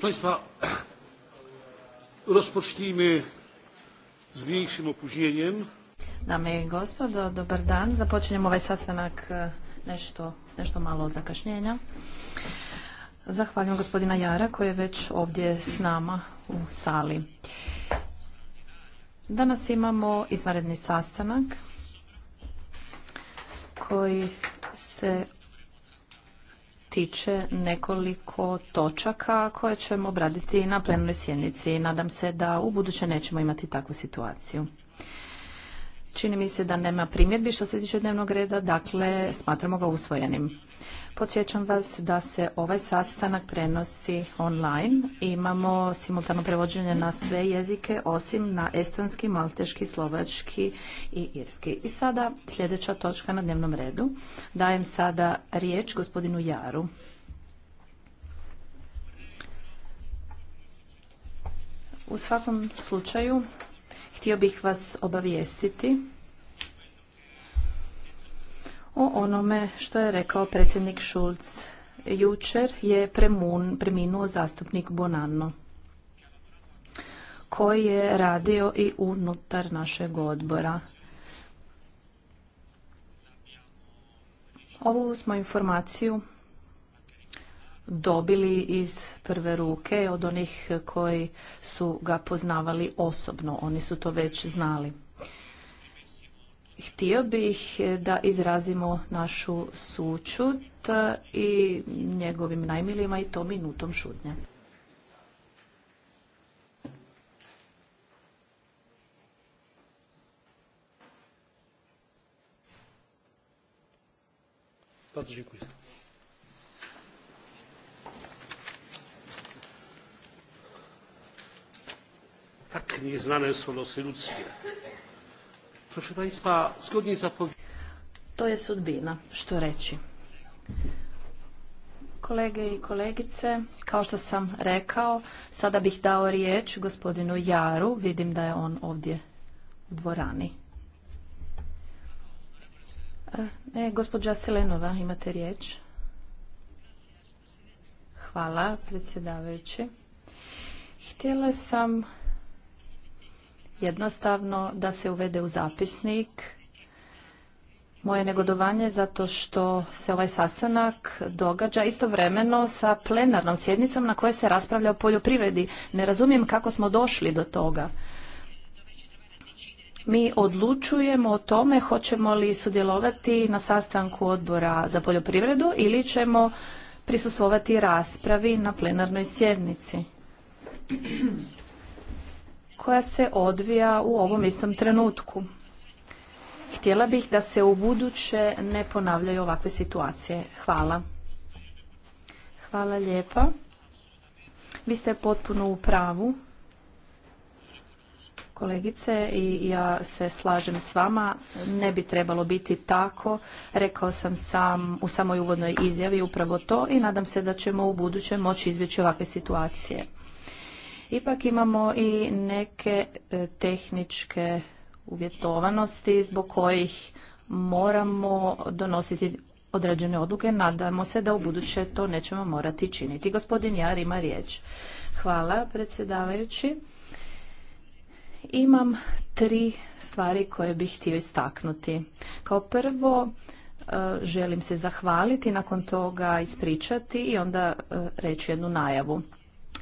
Państwa, z Dame i gospodo, dobar dan. Započinjemo ovaj sastanak e, s nešto malo zakašnjenja. Zahvaljujem gospodina Jara koji je već ovdje s nama u sali. Danas imamo izvanredni sastanak koji se tiče nekoliko točaka koje ćemo obraditi na plenoj sjednici. Nadam se da u buduće nećemo imati takvu situaciju. Čini mi se da nema primjedbi što se tiče dnevnog reda, dakle smatramo ga usvojenim. Podsjećam vas da se ovaj sastanak prenosi online. Imamo simultano prevođenje na sve jezike osim na estonski, malteški, slovački i irski. I sada sljedeća točka na dnevnom redu. Dajem sada riječ gospodinu Jaru. U svakom slučaju htio bih vas obavijestiti o onome što je rekao predsjednik Šulc. Jučer je preminuo zastupnik Bonanno koji je radio i unutar našeg odbora. Ovu smo informaciju dobili iz prve ruke od onih koji su ga poznavali osobno. Oni su to već znali. Htio bih e, da izrazimo našu sučut e, i njegovim najmilima i to minutom šutnje. Tak są losy ludzkie. Proszę Państwa, To je sudbina, što reći. Kolege i kolegice, kao što sam rekao, sada bih dao riječ gospodinu Jaru, vidim da je on ovdje u dvorani. E, gospođa Selenova, imate riječ. Hvala, predsjedavajući. Htjela sam jednostavno da se uvede u zapisnik moje negodovanje zato što se ovaj sastanak događa istovremeno sa plenarnom sjednicom na kojoj se raspravlja o poljoprivredi. Ne razumijem kako smo došli do toga. Mi odlučujemo o tome hoćemo li sudjelovati na sastanku odbora za poljoprivredu ili ćemo prisustvovati raspravi na plenarnoj sjednici koja se odvija u ovom istom trenutku. Htjela bih da se u buduće ne ponavljaju ovakve situacije. Hvala. Hvala lijepa. Vi ste potpuno u pravu. Kolegice, i ja se slažem s vama, ne bi trebalo biti tako. Rekao sam sam u samoj uvodnoj izjavi upravo to i nadam se da ćemo u moći izbjeći ovakve situacije. Ipak imamo i neke e, tehničke uvjetovanosti zbog kojih moramo donositi određene odluke. Nadamo se da u buduće to nećemo morati činiti. Gospodin Jar ima riječ. Hvala predsjedavajući. Imam tri stvari koje bih htio istaknuti. Kao prvo, e, želim se zahvaliti, nakon toga ispričati i onda e, reći jednu najavu.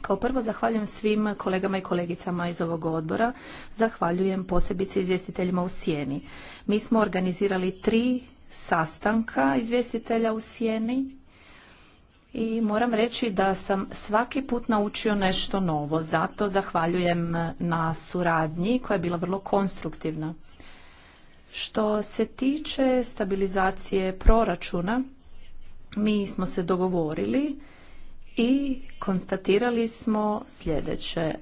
Kao prvo zahvaljujem svim kolegama i kolegicama iz ovog odbora. Zahvaljujem posebice izvjestiteljima u Sjeni. Mi smo organizirali tri sastanka izvjestitelja u Sjeni i moram reći da sam svaki put naučio nešto novo. Zato zahvaljujem na suradnji koja je bila vrlo konstruktivna. Što se tiče stabilizacije proračuna, mi smo se dogovorili i konstatirali smo sljedeće.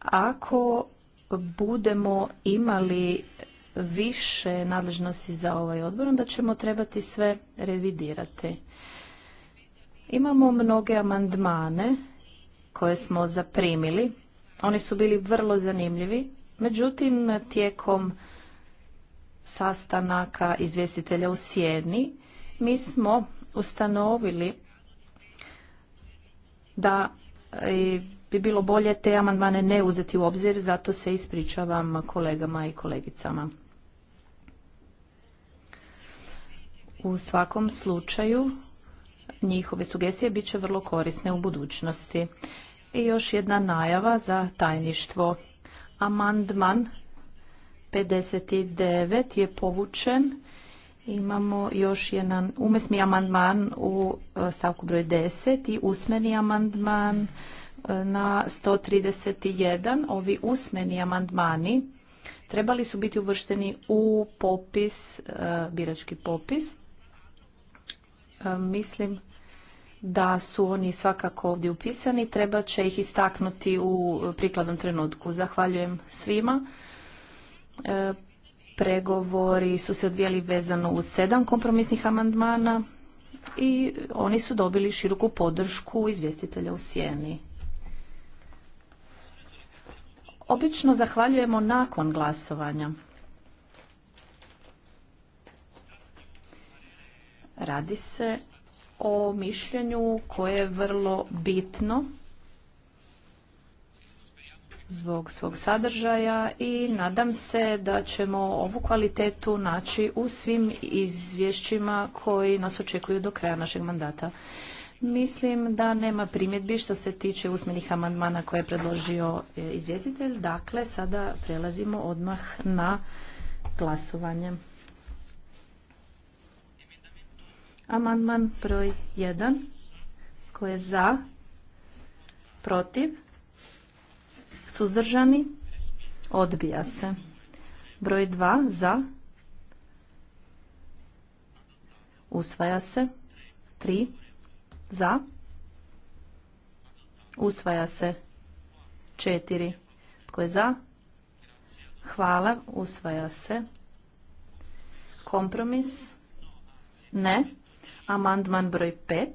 Ako budemo imali više nadležnosti za ovaj odbor, onda ćemo trebati sve revidirati. Imamo mnoge amandmane koje smo zaprimili. Oni su bili vrlo zanimljivi. Međutim, tijekom sastanaka izvjestitelja u Sjedni, mi smo ustanovili da e, bi bilo bolje te amandmane ne uzeti u obzir, zato se ispričavam kolegama i kolegicama. U svakom slučaju njihove sugestije bit će vrlo korisne u budućnosti. I još jedna najava za tajništvo. Amandman 59 je povučen Imamo još jedan umesni amandman u e, stavku broj 10 i usmeni amandman e, na 131. Ovi usmeni amandmani trebali su biti uvršteni u popis, e, birački popis. Mislim da su oni svakako ovdje upisani, treba će ih istaknuti u prikladnom trenutku. Zahvaljujem svima. Pregovori su se odvijali vezano uz sedam kompromisnih amandmana i oni su dobili široku podršku izvjestitelja u sjeni. Obično zahvaljujemo nakon glasovanja. Radi se o mišljenju koje je vrlo bitno zbog svog sadržaja i nadam se da ćemo ovu kvalitetu naći u svim izvješćima koji nas očekuju do kraja našeg mandata. Mislim da nema primjedbi što se tiče usmenih amandmana koje je predložio e, izvjestitelj. Dakle, sada prelazimo odmah na glasovanje. Amandman broj 1. koje je za? Protiv? Suzdržani? Odbija se. Broj 2 za. Usvaja se. 3 za. Usvaja se. 4. Tko je za? Hvala. Usvaja se. Kompromis? Ne. Amandman broj 5.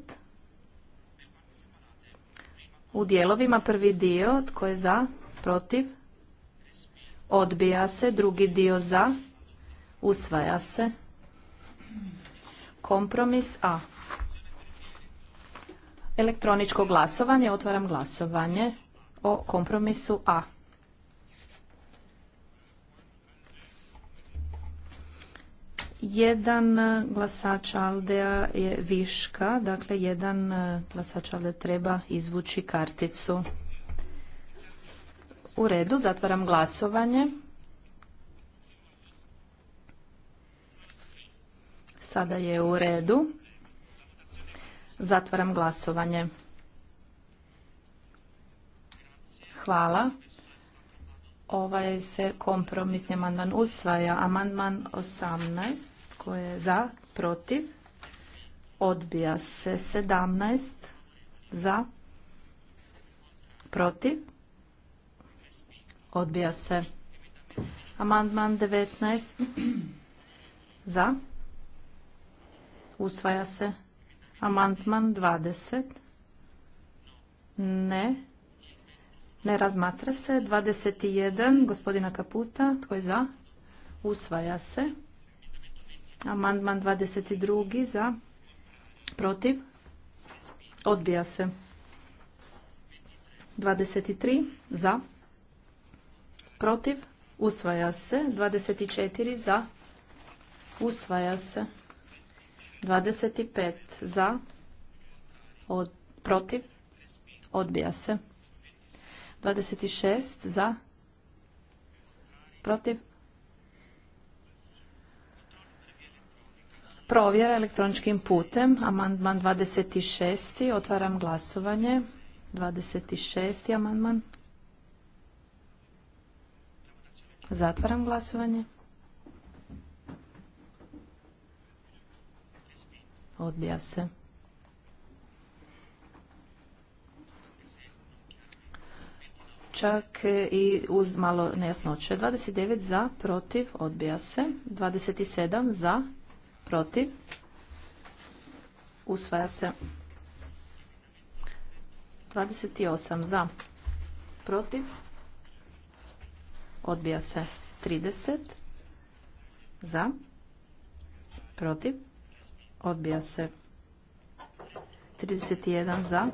U dijelovima prvi dio. Tko je za? protiv, odbija se, drugi dio za, usvaja se, kompromis A. Elektroničko glasovanje, otvaram glasovanje o kompromisu A. Jedan glasač Aldea je viška, dakle jedan glasač Aldea treba izvući karticu. U redu, zatvaram glasovanje. Sada je u redu. Zatvaram glasovanje. Hvala. Ovaj se kompromisni amandman usvaja. Amandman 18 koji je za, protiv. Odbija se 17 za, protiv. Odbija se. Amandman 19. Za. Usvaja se. Amandman 20. Ne. Ne razmatra se. 21. Gospodina Kaputa. Tko je za? Usvaja se. Amandman 22. Za. Protiv. Odbija se. 23. Za protiv, usvaja se. 24 za, usvaja se. 25 za, protiv, odbija se. 26 za, protiv, provjera elektroničkim putem. Amandman 26. Otvaram glasovanje. 26. amandman. Zatvaram glasovanje. Odbija se. Čak i uz malo nejasnoće. 29 za, protiv, odbija se. 27 za, protiv, usvaja se. 28 za, protiv, Odbija se 30 za. Protiv. Odbija se 31 za.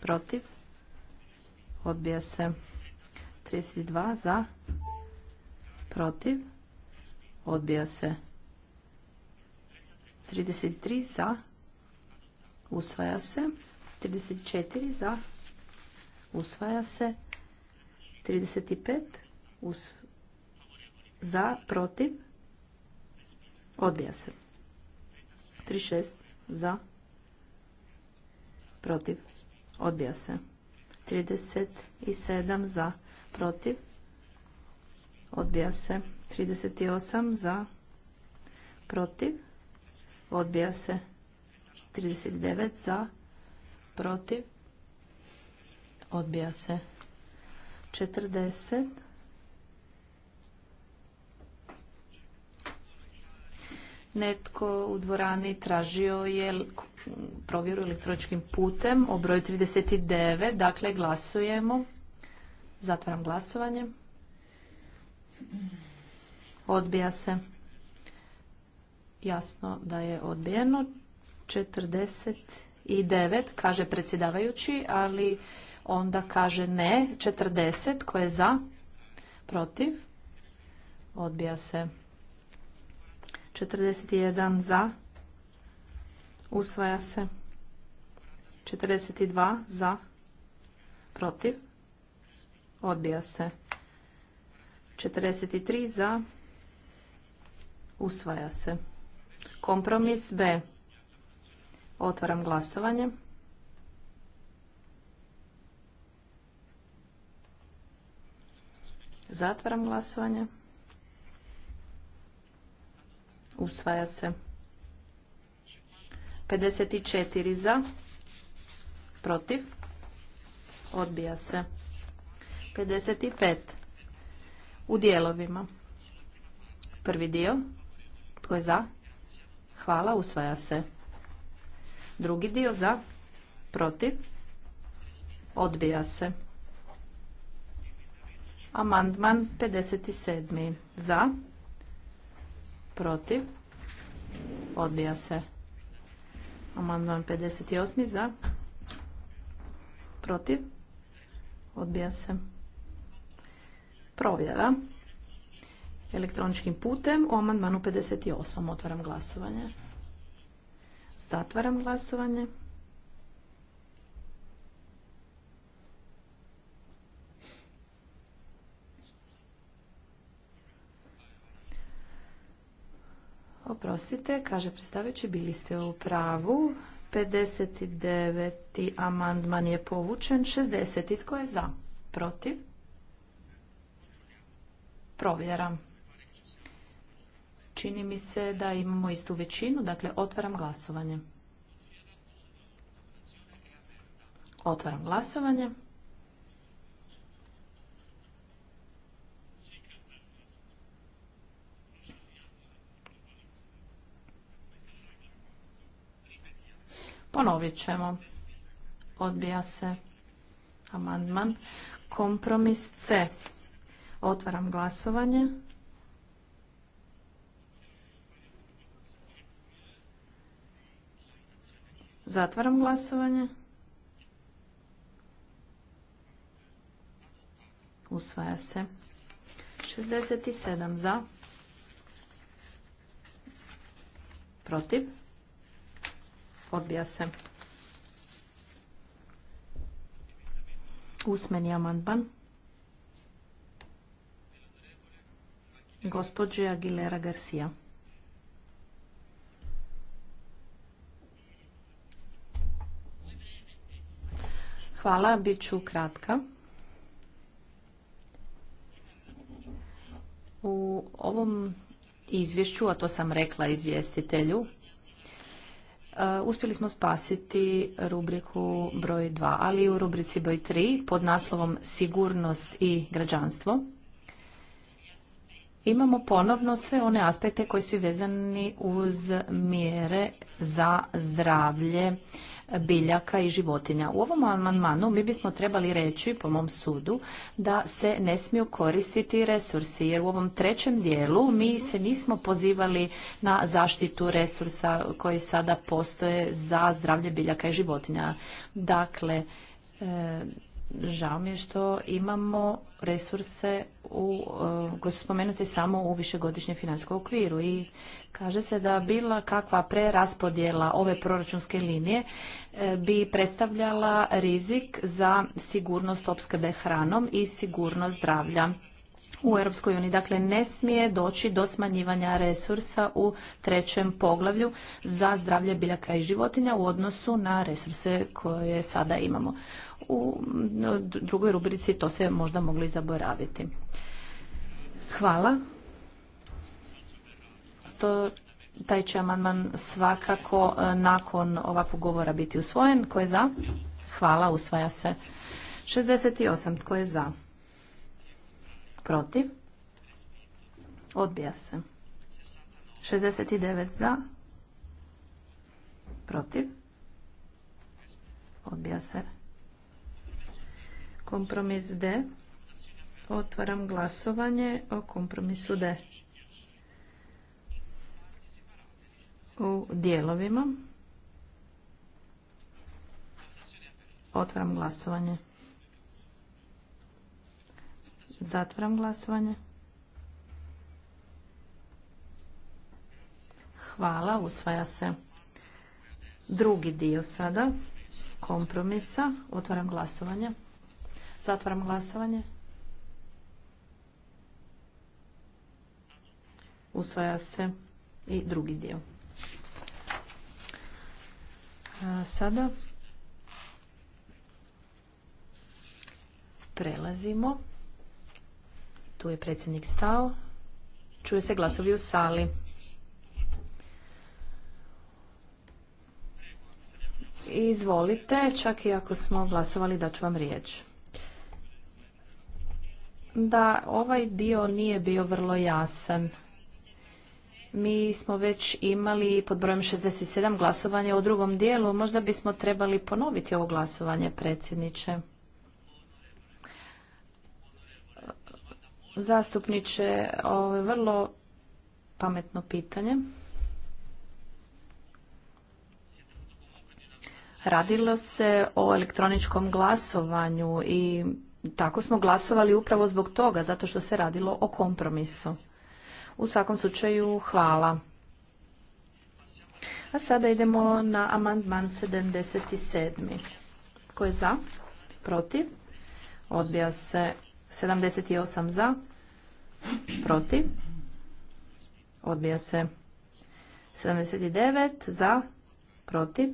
Protiv. Odbija se 32 za. Protiv. Odbija se 33 za. Usvaja se. 34 za. Usvaja se. 35 za, protiv, odbija se. 36 za, protiv, odbija se. 37 za, protiv, odbija se. 38 za, protiv, odbija se. 39 za, protiv, odbija se. 40 Netko u dvorani tražio je provjeru elektroničkim putem o broju 39. Dakle, glasujemo. Zatvaram glasovanje. Odbija se. Jasno da je odbijeno. 49, kaže predsjedavajući, ali onda kaže ne. 40, koje je za? Protiv? Odbija se. 41 za. Usvaja se. 42 za. Protiv. Odbija se. 43 za. Usvaja se. Kompromis B. Otvaram glasovanje. Zatvaram glasovanje. Usvaja se. 54 za. Protiv. Odbija se. 55. U dijelovima. Prvi dio. Tko je za? Hvala. Usvaja se. Drugi dio za. Protiv. Odbija se. Amandman 57. Za protiv, odbija se. Amandman 58. za, protiv, odbija se. Provjera elektroničkim putem u amandmanu 58. Otvaram glasovanje. Zatvaram glasovanje. Oprostite, kaže predstavajući, bili ste u pravu. 59. amandman je povučen. 60. Tko je za? Protiv? Provjeram. Čini mi se da imamo istu većinu, dakle otvaram glasovanje. Otvaram glasovanje. Ponovit ćemo. Odbija se amandman. Kompromis C. Otvaram glasovanje. Zatvaram glasovanje. Usvaja se. 67 za. Protiv. Odbija se. Usmeni amandman. Gospođe Aguilera Garcia. Hvala, bit ću kratka. U ovom izvješću, a to sam rekla izvjestitelju, E, uspjeli smo spasiti rubriku broj 2, ali u rubrici broj 3 pod naslovom Sigurnost i građanstvo imamo ponovno sve one aspekte koji su vezani uz mjere za zdravlje biljaka i životinja. U ovom amandmanu mi bismo trebali reći, po mom sudu, da se ne smiju koristiti resursi, jer u ovom trećem dijelu mi se nismo pozivali na zaštitu resursa koji sada postoje za zdravlje biljaka i životinja. Dakle, e, Žao mi je što imamo resurse u, eh, koji su spomenuti samo u višegodišnjem financijskom okviru i kaže se da bila kakva preraspodjela ove proračunske linije eh, bi predstavljala rizik za sigurnost opskrbe hranom i sigurnost zdravlja u Europskoj uniji. Dakle, ne smije doći do smanjivanja resursa u trećem poglavlju za zdravlje biljaka i životinja u odnosu na resurse koje sada imamo u drugoj rubrici to se možda mogli zaboraviti. Hvala. taj će amandman svakako e, nakon ovakvog govora biti usvojen. Ko je za? Hvala, usvaja se. 68. Tko je za? Protiv? Odbija se. 69 za. Protiv? Odbija se. Kompromis D. Otvaram glasovanje o kompromisu D. U dijelovima. Otvaram glasovanje. Zatvaram glasovanje. Hvala, usvaja se. Drugi dio sada kompromisa. Otvaram glasovanje. Zatvaram glasovanje. Usvaja se i drugi dio. sada prelazimo. Tu je predsjednik stao. Čuje se glasovi u sali. Izvolite, čak i ako smo glasovali da ću vam riječ. Da, ovaj dio nije bio vrlo jasan. Mi smo već imali pod brojem 67 glasovanje u drugom dijelu. Možda bismo trebali ponoviti ovo glasovanje, predsjedniče. Zastupniče, ovo je vrlo pametno pitanje. Radilo se o elektroničkom glasovanju i tako smo glasovali upravo zbog toga, zato što se radilo o kompromisu. U svakom slučaju, hvala. A sada idemo na amandman 77. Ko je za? Protiv? Odbija se 78 za. Protiv? Odbija se 79 za. Protiv?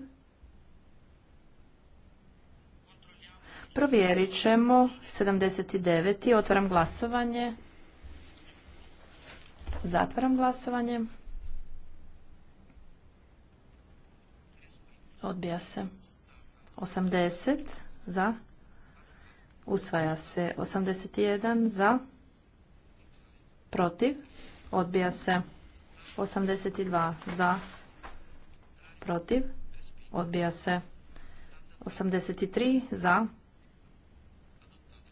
Provjerit ćemo 79. Otvaram glasovanje. Zatvaram glasovanje. Odbija se. 80 za. Usvaja se. 81 za. Protiv. Odbija se. 82 za. Protiv. Odbija se. 83 za.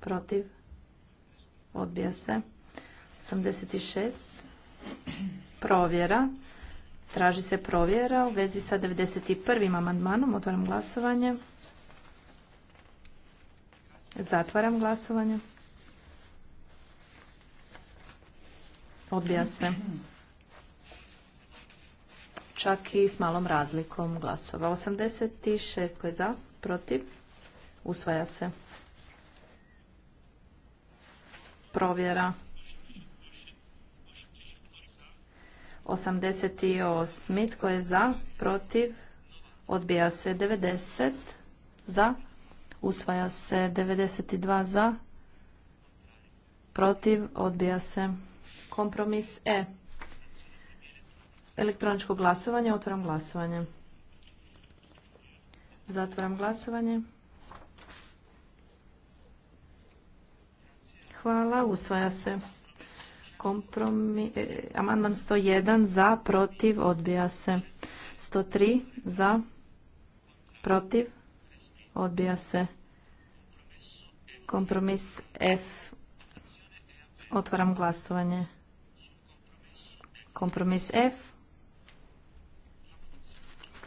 protiv, odbija se. 86, provjera, traži se provjera u vezi sa 91. amandmanom, otvaram glasovanje. Zatvaram glasovanje. Odbija se. Čak i s malom razlikom glasova. 86 koji je za, protiv, usvaja se provjera. 88. Tko je za? Protiv? Odbija se 90. Za? Usvaja se 92 za. Protiv? Odbija se. Kompromis E. Elektroničko glasovanje. Otvaram glasovanje. Zatvoram glasovanje. Hvala, usvaja se. Kompromis, e, amandman 101 za, protiv, odbija se. 103 za, protiv, odbija se. Kompromis F. Otvaram glasovanje. Kompromis F.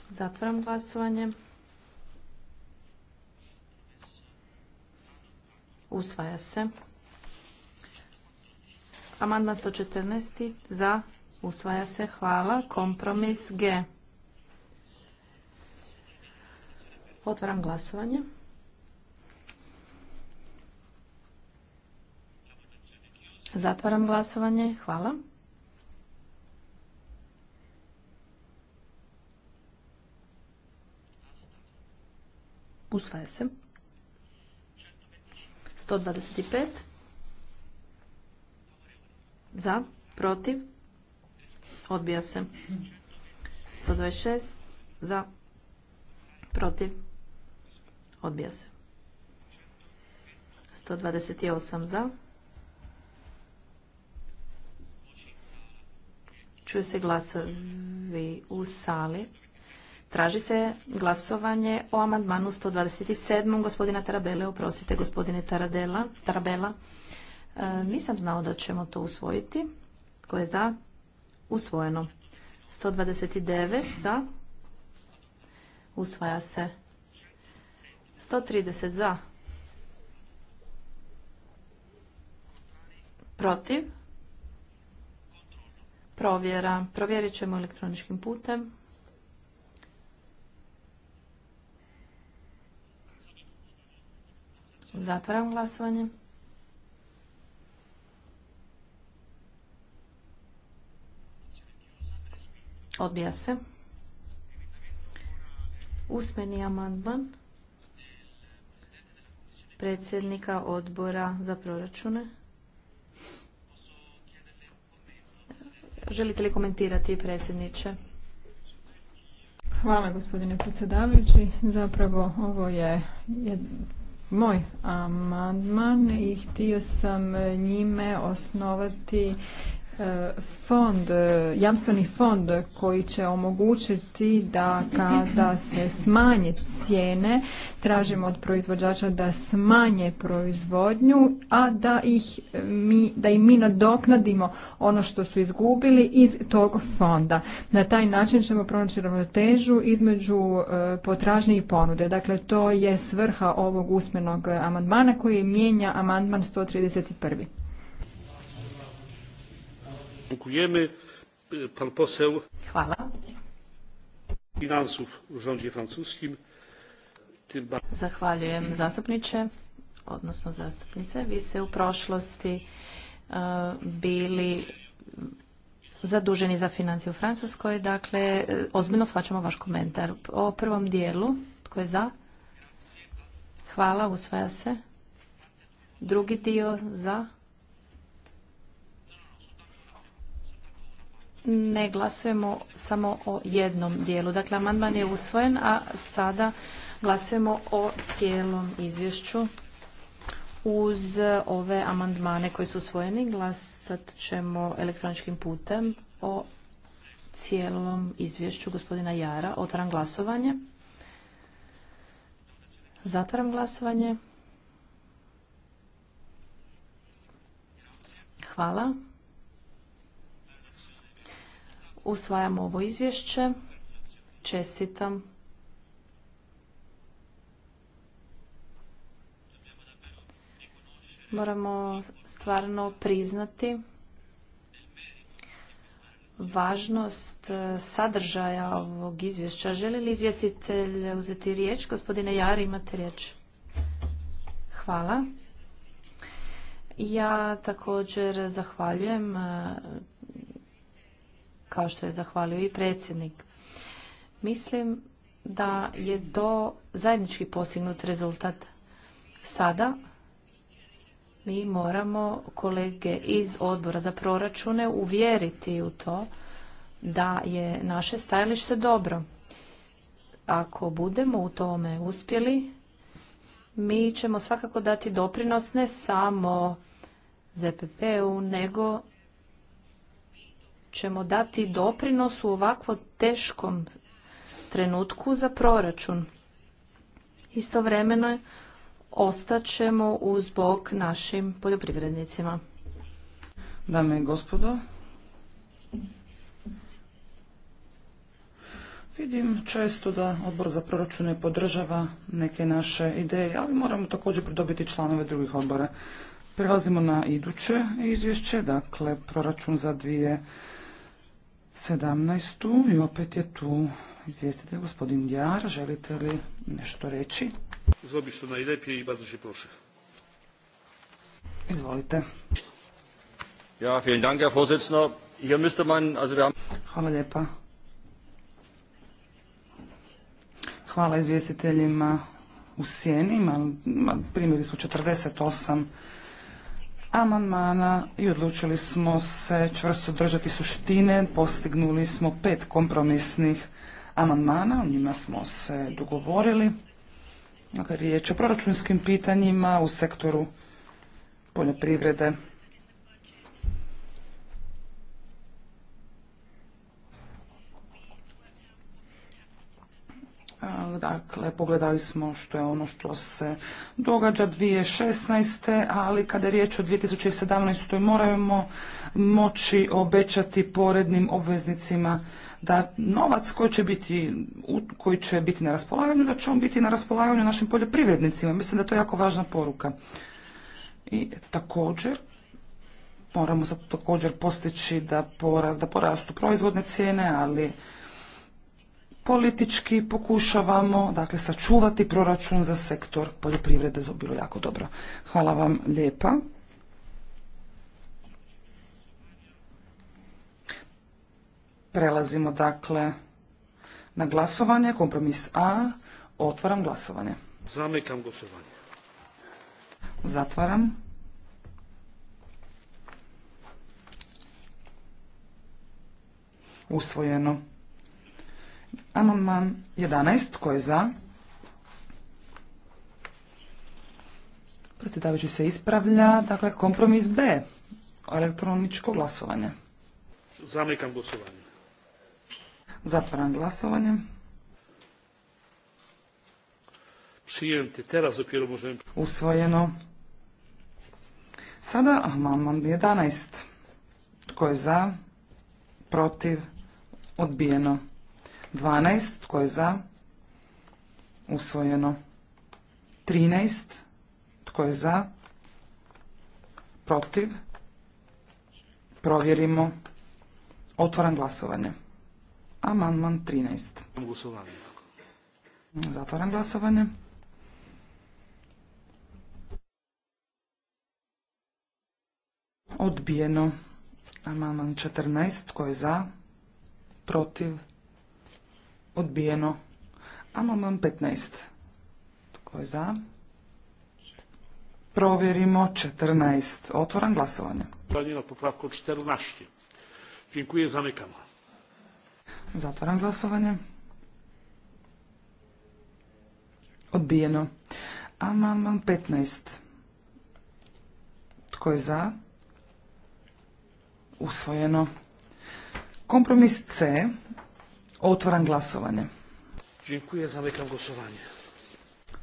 Zatvaram glasovanje. Usvaja se. Amandman 114. Za. Usvaja se. Hvala. Kompromis G. Otvaram glasovanje. Zatvaram glasovanje. Hvala. Usvaja se. 125. Za, protiv, odbija se. 126 za, protiv, odbija se. 128 za. Čuju se glasovi u sali. Traži se glasovanje o amandmanu 127. Gospodina Tarabele, oprosite gospodine Tarabela. E, nisam znao da ćemo to usvojiti. Tko je za? Usvojeno. 129 za. Usvaja se. 130 za. Protiv. Provjera. Provjerit ćemo elektroničkim putem. Zatvaram glasovanje. Odbija se. Usmeni amandman predsjednika odbora za proračune. Želite li komentirati predsjedniče? Hvala gospodine predsjedavajući. Zapravo ovo je moj amandman i htio sam njime osnovati E, fond, e, jamstveni fond koji će omogućiti da kada se smanje cijene, tražimo od proizvođača da smanje proizvodnju, a da ih mi, da im mi nadoknadimo ono što su izgubili iz tog fonda. Na taj način ćemo pronaći ravnotežu između e, potražnje i ponude. Dakle, to je svrha ovog usmenog amandmana koji mijenja amandman 131. Hvala. Zahvaljujem zastupniče, odnosno zastupnice. Vi ste u prošlosti e, bili zaduženi za financije u Francuskoj, dakle, ozbiljno shvaćamo vaš komentar. O prvom dijelu, tko je za? Hvala, usvaja se. Drugi dio, za? ne glasujemo samo o jednom dijelu. Dakle, amandman je usvojen, a sada glasujemo o cijelom izvješću uz ove amandmane koji su usvojeni. Glasat ćemo elektroničkim putem o cijelom izvješću gospodina Jara. Otvaram glasovanje. Zatvaram glasovanje. Hvala. Usvajamo ovo izvješće. Čestitam. Moramo stvarno priznati važnost e, sadržaja ovog izvješća. Želi li izvjestitelj uzeti riječ? Gospodine Jari, imate riječ. Hvala. Ja također zahvaljujem e, kao što je zahvalio i predsjednik. Mislim da je to zajednički postignut rezultat. Sada mi moramo kolege iz odbora za proračune uvjeriti u to da je naše stajalište dobro. Ako budemo u tome uspjeli, mi ćemo svakako dati doprinos ne samo ZPP-u, nego ćemo dati doprinos u ovako teškom trenutku za proračun. Istovremeno ostaćemo uz bok našim poljoprivrednicima. Dame i gospodo, Vidim često da odbor za proračune podržava neke naše ideje, ali moramo također pridobiti članove drugih odbora. Prelazimo na iduće izvješće, dakle proračun za dvije 17. i opet je tu izvjestitelj gospodin Djar. Želite li nešto reći? Zobišto to najlepije i Badrži się Izvolite. Ja, vielen Dank, Herr Vorsitzender. Hier müsste man, also wir haben... Hvala lijepa. Hvala izvjestiteljima u sjeni. Primili smo 48 amandmana i odlučili smo se čvrsto držati suštine. Postignuli smo pet kompromisnih amandmana, o njima smo se dogovorili. Dakle, riječ o proračunskim pitanjima u sektoru poljoprivrede. Dakle, pogledali smo što je ono što se događa 2016. ali kada je riječ o 2017. moramo moći obećati porednim obveznicima da novac koji će biti, koji će biti na raspolaganju, da će on biti na raspolaganju našim poljoprivrednicima. Mislim da to je jako važna poruka. I također, moramo sad također postići da porastu proizvodne cijene, ali politički pokušavamo dakle sačuvati proračun za sektor poljoprivrede, to bilo jako dobro. Hvala vam lijepa. Prelazimo dakle na glasovanje, kompromis A, otvaram glasovanje. Zamekam glasovanje. Zatvaram. Usvojeno. Amandman 11. Tko je za? Predsjedavajući se ispravlja. Dakle, kompromis B. Elektroničko glasovanje. Zamlikam glasovanje. Zatvaram glasovanje. teraz kjeru Usvojeno. Sada amandman 11. Tko je za? Protiv? Odbijeno. 12. Tko je za? Usvojeno. 13. Tko je za? Protiv? Provjerimo. Otvaram glasovanje. Amandman 13. Zatvaram glasovanje. Odbijeno. Amandman 14. Tko je za? Protiv? Odbijeno. Amandman 15. Tko je za? Provjerimo 14. Otvoram glasovanje. Glasovanje na popravku 14. Dziękuję, zamykam. Zatvaram glasovanje. Odbijeno. Amandman 15. Tko je za? Usvojeno. Kompromis C. Otvaram glasovanje. Dziękuję, zamykam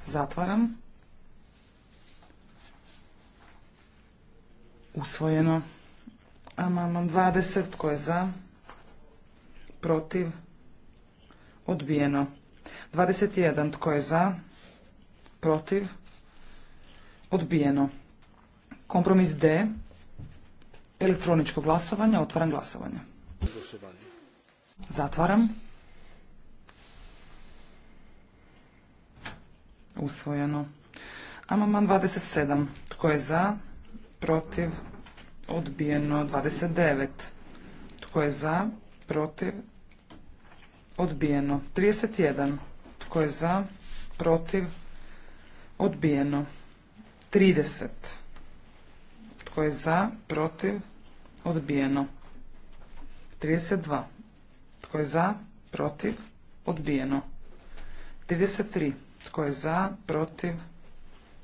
Zatvaram. Usvojeno. Amandman 20. Tko je za? Protiv? Odbijeno. 21. Tko je za? Protiv? Odbijeno. Kompromis D. Elektroničko glasovanje. Otvaram glasovanje. Zatvaram. usvojeno. Amaman 27. Tko je za? Protiv? Odbijeno. 29. Tko je za? Protiv? Odbijeno. 31. Tko je za? Protiv? Odbijeno. 30. Tko je za? Protiv? Odbijeno. 32. Tko je za? Protiv? Odbijeno. 33. Tko je za? Protiv?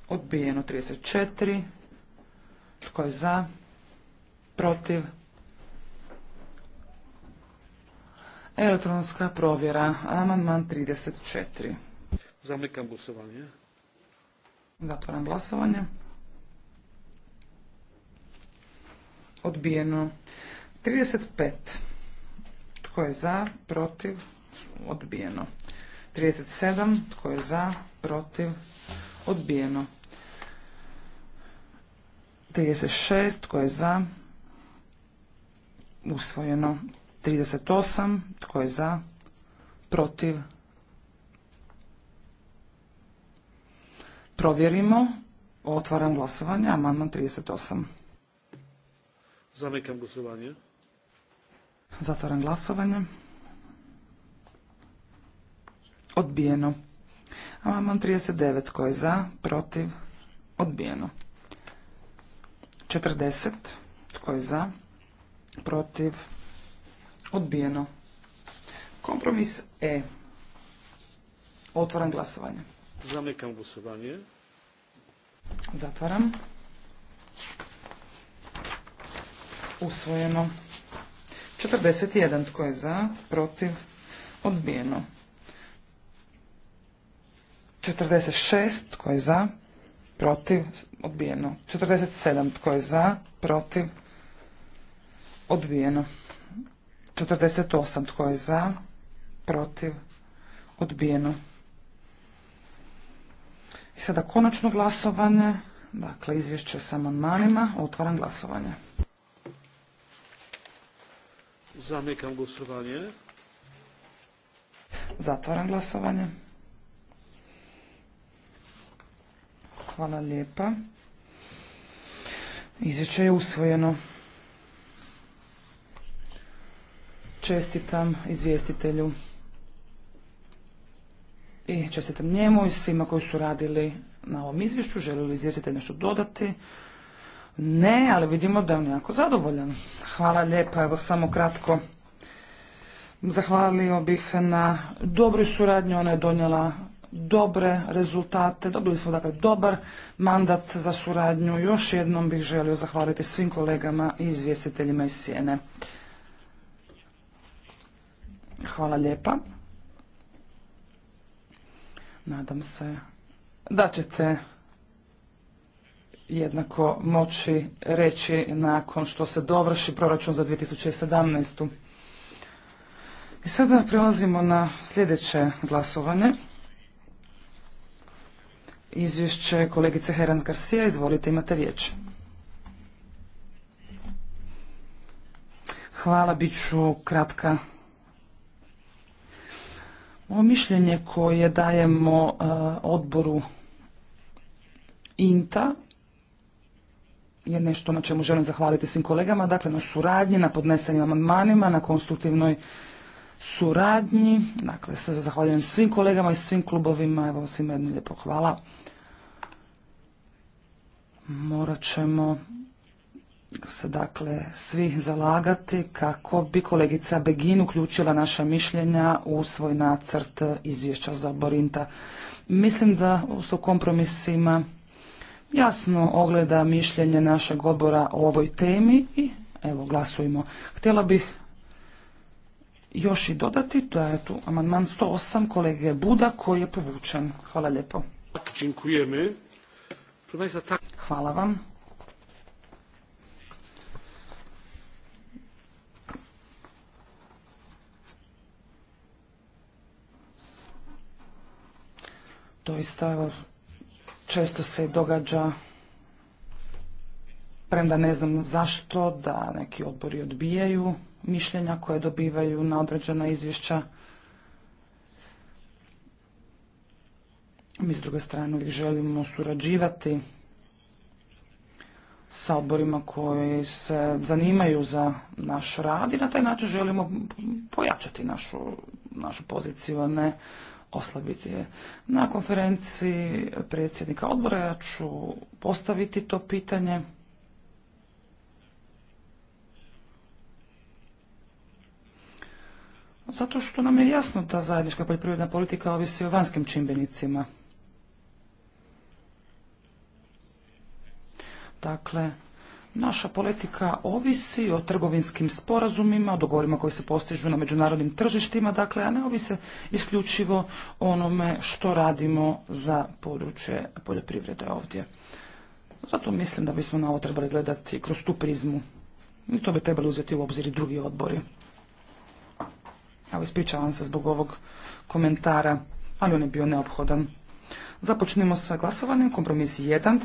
Odbijeno 34. Tko je za? Protiv? Elektronska provjera. Amandman 34. Zamlikam glasovanje. Zatvaram glasovanje. Odbijeno. 35. Tko je za? Protiv? Odbijeno. 37. Tko je za? Protiv? Odbijeno. 36. Tko je za? Usvojeno. 38. Tko je za? Protiv? Provjerimo. Otvaram glasovanje. Amandman 38. Zamekam glasovanje. Zatvaram glasovanje. Odbijeno. Amandman 39. Tko je za? Protiv? Odbijeno. 40. Tko je za? Protiv? Odbijeno. Kompromis E. Otvaram glasovanje. Zamekam glasovanje. Zatvaram. Usvojeno. 41. Tko je za? Protiv? Odbijeno. 46. Tko je za? Protiv? Odbijeno. 47. Tko je za? Protiv? Odbijeno. 48. Tko je za? Protiv? Odbijeno. I sada konačno glasovanje. Dakle, izvješće sa amandmanima. Otvaram glasovanje. Zamekam glasovanje. Zatvaram glasovanje. Hvala lijepa. Izvješće je usvojeno. Čestitam izvjestitelju i čestitam njemu i svima koji su radili na ovom izvješću. Želi li izvjestitelj nešto dodati? Ne, ali vidimo da je on jako zadovoljan. Hvala lijepa, evo samo kratko. Zahvalio bih na dobroj suradnji, ona je donijela dobre rezultate. Dobili smo dakle dobar mandat za suradnju. Još jednom bih želio zahvaliti svim kolegama i izvjestiteljima iz Sjene. Hvala lijepa. Nadam se da ćete jednako moći reći nakon što se dovrši proračun za 2017. I sada prelazimo na sljedeće glasovanje izvješće kolegice Herans Garcia. Izvolite, imate riječ. Hvala, bit ću kratka. Ovo mišljenje koje dajemo e, odboru INTA je nešto na čemu želim zahvaliti svim kolegama, dakle na suradnji, na podnesenim amandmanima, na konstruktivnoj suradnji. Dakle, se zahvaljujem svim kolegama i svim klubovima. Evo, svima jedno lijepo hvala. Morat ćemo se dakle svi zalagati kako bi kolegica Begin uključila naša mišljenja u svoj nacrt izvješća za Borinta. Mislim da su kompromisima jasno ogleda mišljenje našeg odbora o ovoj temi i evo glasujmo. Htjela bih još i dodati, to je tu amandman 108 kolege Buda koji je povučen. Hvala lijepo. Hvala vam. Doista, često se događa, premda ne znam zašto, da neki odbori odbijaju mišljenja koje dobivaju na određena izvješća. Mi s druge strane uvijek želimo surađivati sa odborima koji se zanimaju za naš rad i na taj način želimo pojačati našu, našu poziciju, a ne oslabiti je. Na konferenciji predsjednika odbora ja ću postaviti to pitanje. Zato što nam je jasno da zajednička poljoprivredna politika ovisi o vanjskim čimbenicima. Dakle, naša politika ovisi o trgovinskim sporazumima, o dogovorima koji se postižu na međunarodnim tržištima, dakle, a ne ovise isključivo onome što radimo za područje poljoprivrede ovdje. Zato mislim da bismo na ovo trebali gledati kroz tu prizmu. I to bi trebali uzeti u obzir i drugi odbori. Evo, ispričavam se zbog ovog komentara, ali on je bio neophodan. Započnimo sa glasovanjem. Kompromis 1.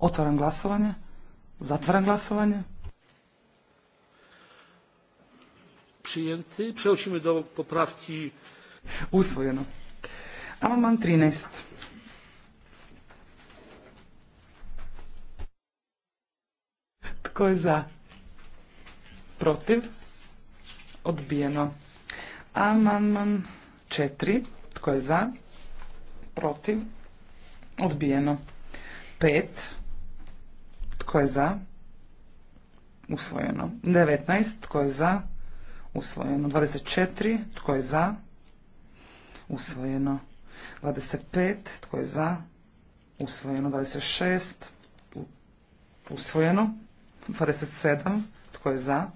Otvaram glasovanje. Zatvaram glasovanje. Przyjęty. Przechodzimy do popravki. Usvojeno. Amandman 13. Tko je za? Protiv? Odbijeno. Amandman 4. Tko je za? Protiv? Odbijeno. 5. Tko je za? Usvojeno. Devetnaest. Tko je za? Usvojeno. 24. Tko je za? Usvojeno. 25. Tko je za? Usvojeno. 26. Usvojeno. 27. Tko je za?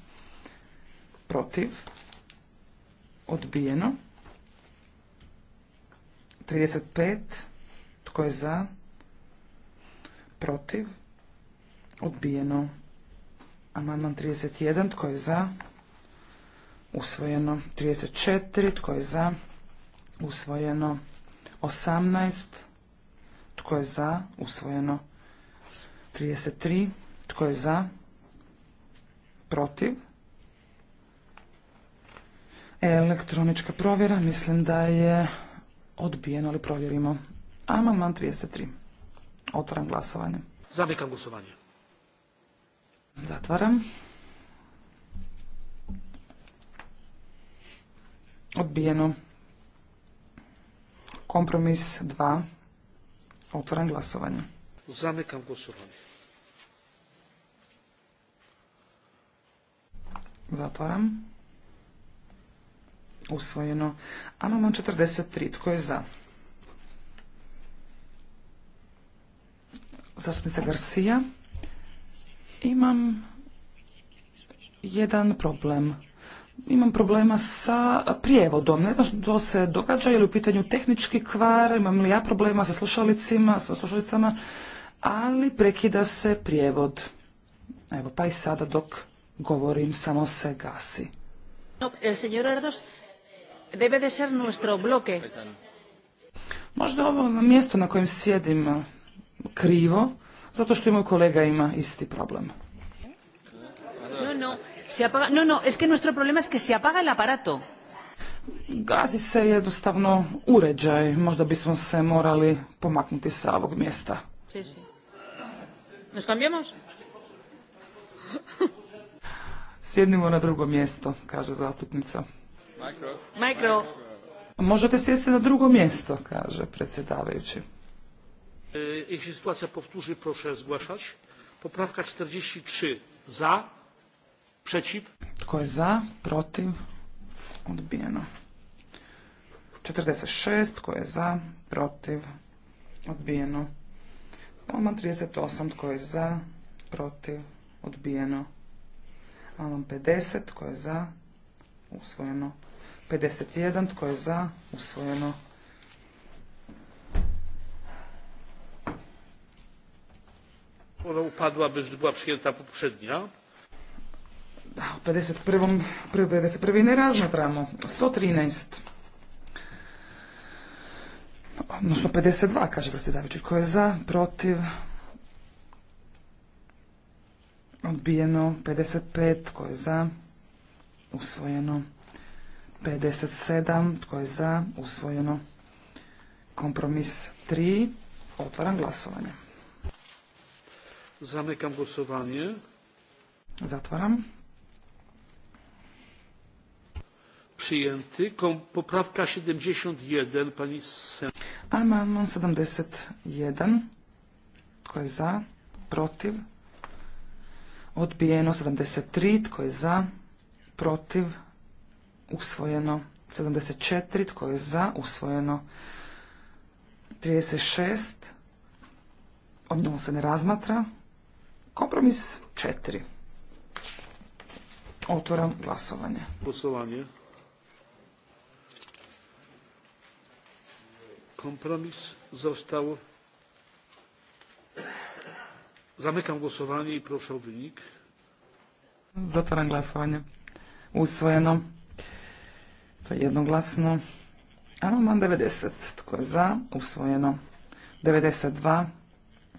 Protiv? Odbijeno. 35. Tko je za? Protiv? Odbijeno. Amandman 31. Tko je za? Usvojeno. 34. Tko je za? Usvojeno. 18. Tko je za? Usvojeno. 33. Tko je za? protiv. Elektronička provjera, mislim da je odbijeno, ali provjerimo. Amandman 33. Otvaram glasovanje. Zamekam glasovanje. Zatvaram. Odbijeno. Kompromis 2. Otvaram glasovanje. Zamekam glasovanje. Zatvaram. Usvojeno. Amandman 43. Tko je za? Zastupnica Garcia. Imam jedan problem. Imam problema sa prijevodom. Ne znam što se događa, je li u pitanju tehnički kvar, imam li ja problema sa slušalicima, sa slušalicama, ali prekida se prijevod. Evo, pa i sada dok govorim samo se gasi. Eh, možda ovo na mjesto na kojem sjedim eh, krivo, zato što i moj kolega ima isti problem. se no, no, es que nuestro problema es que se apaga el aparato. Gazi se jednostavno uređaj, možda bismo se morali pomaknuti sa ovog mjesta. Sí, Sjednimo na drugo mjesto, kaže zastupnica. Mikro. Možete sjesti na drugo mjesto, kaže predsjedavajući. E, jeśli sytuacja powtórzy, proszę zgłaszać. Poprawka 43 za, przeciw. Tko je za, protiv, odbijeno. 46, tko je za, protiv, odbijeno. trideset 38, tko je za, protiv, odbijeno amandman 50, tko je za, usvojeno. 51, tko je za, usvojeno. Ona upadła, gdyż była przyjęta poprzednia. Da, u 51. 51. ne razmatramo. 113. Odnosno 52, kaže predsjedavić. Ko je za, protiv, Odbijeno 55, tko je za? Usvojeno. 57, tko je za? Usvojeno. Kompromis 3, otvaram glasovanje. Zamekam glasovanje. Zatvaram. Przyjęty. Kom, poprawka 71 pani Sen. Amandman 71. Tko je za? Protiv? odbijeno 73, tko je za, protiv, usvojeno 74, tko je za, usvojeno 36, o njemu se ne razmatra, kompromis 4. Otvoram glasovanje. Glasovanje. Kompromis zostao Zamykam głosowanie i proszę o wynik. Zatvaram glasovanje. Usvojeno. To je jednoglasno. Amandman 90. Tko je za? Usvojeno. 92.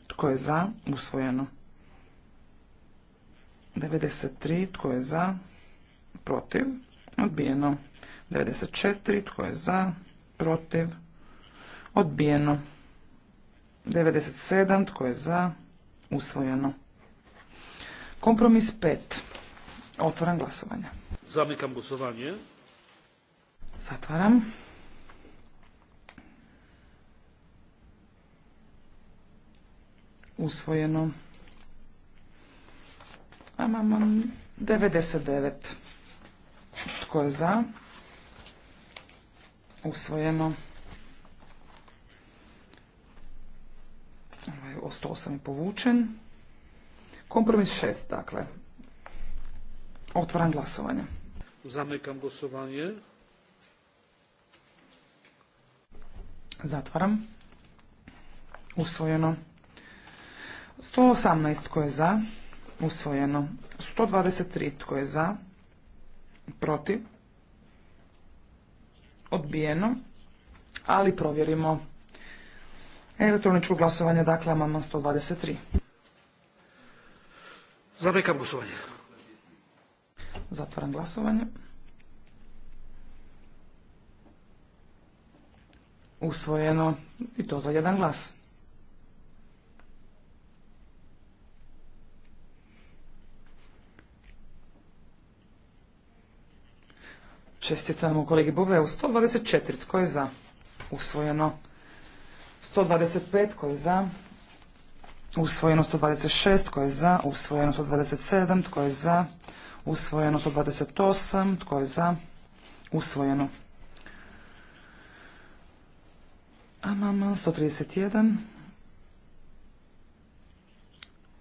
Tko je za? Usvojeno. 93. Tko je za? Protiv. Odbijeno. 94. Tko je za? Protiv. Odbijeno. 97. Tko je za? usvojeno. Kompromis 5. Otvaram glasovanje. Zamikam glasovanje. Zatvaram. Usvojeno. Amaman 99. Tko je za? Usvojeno. Ovaj, 108 je povučen. Kompromis 6, dakle. Otvaram glasovanje. Zamekam glasovanje. Zatvaram. Usvojeno. 118 tko je za, usvojeno. 123 tko je za, protiv, odbijeno, ali provjerimo. Elektroničko glasovanje, dakle, amandman 123. Zabrikam glasovanje. Zatvaram glasovanje. Usvojeno i to za jedan glas. Čestitamo kolegi Boveu. 124. Tko je za? Usvojeno. 125 tko je za, usvojeno 126 tko je za, usvojeno 127 tko je za, usvojeno 128 tko je za, usvojeno. Amandman 131.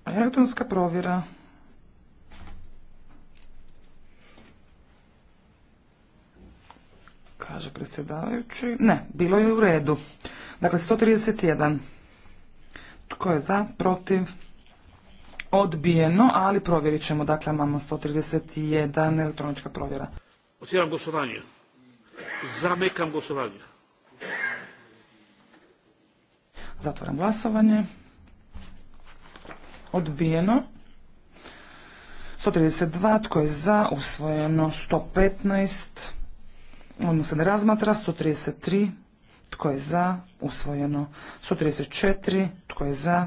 Elektronska provjera kaže predsjedavajući. Ne, bilo je u redu. Dakle, 131. Tko je za? Protiv? Odbijeno, ali provjerit ćemo. Dakle, imamo 131 elektronička provjera. Otvaram glasovanje. Zamekam glasovanje. Zatvaram glasovanje. Odbijeno. 132, tko je za, usvojeno 115. Ono se ne razmatra. 133. Tko je za? Usvojeno. 134. Tko je za?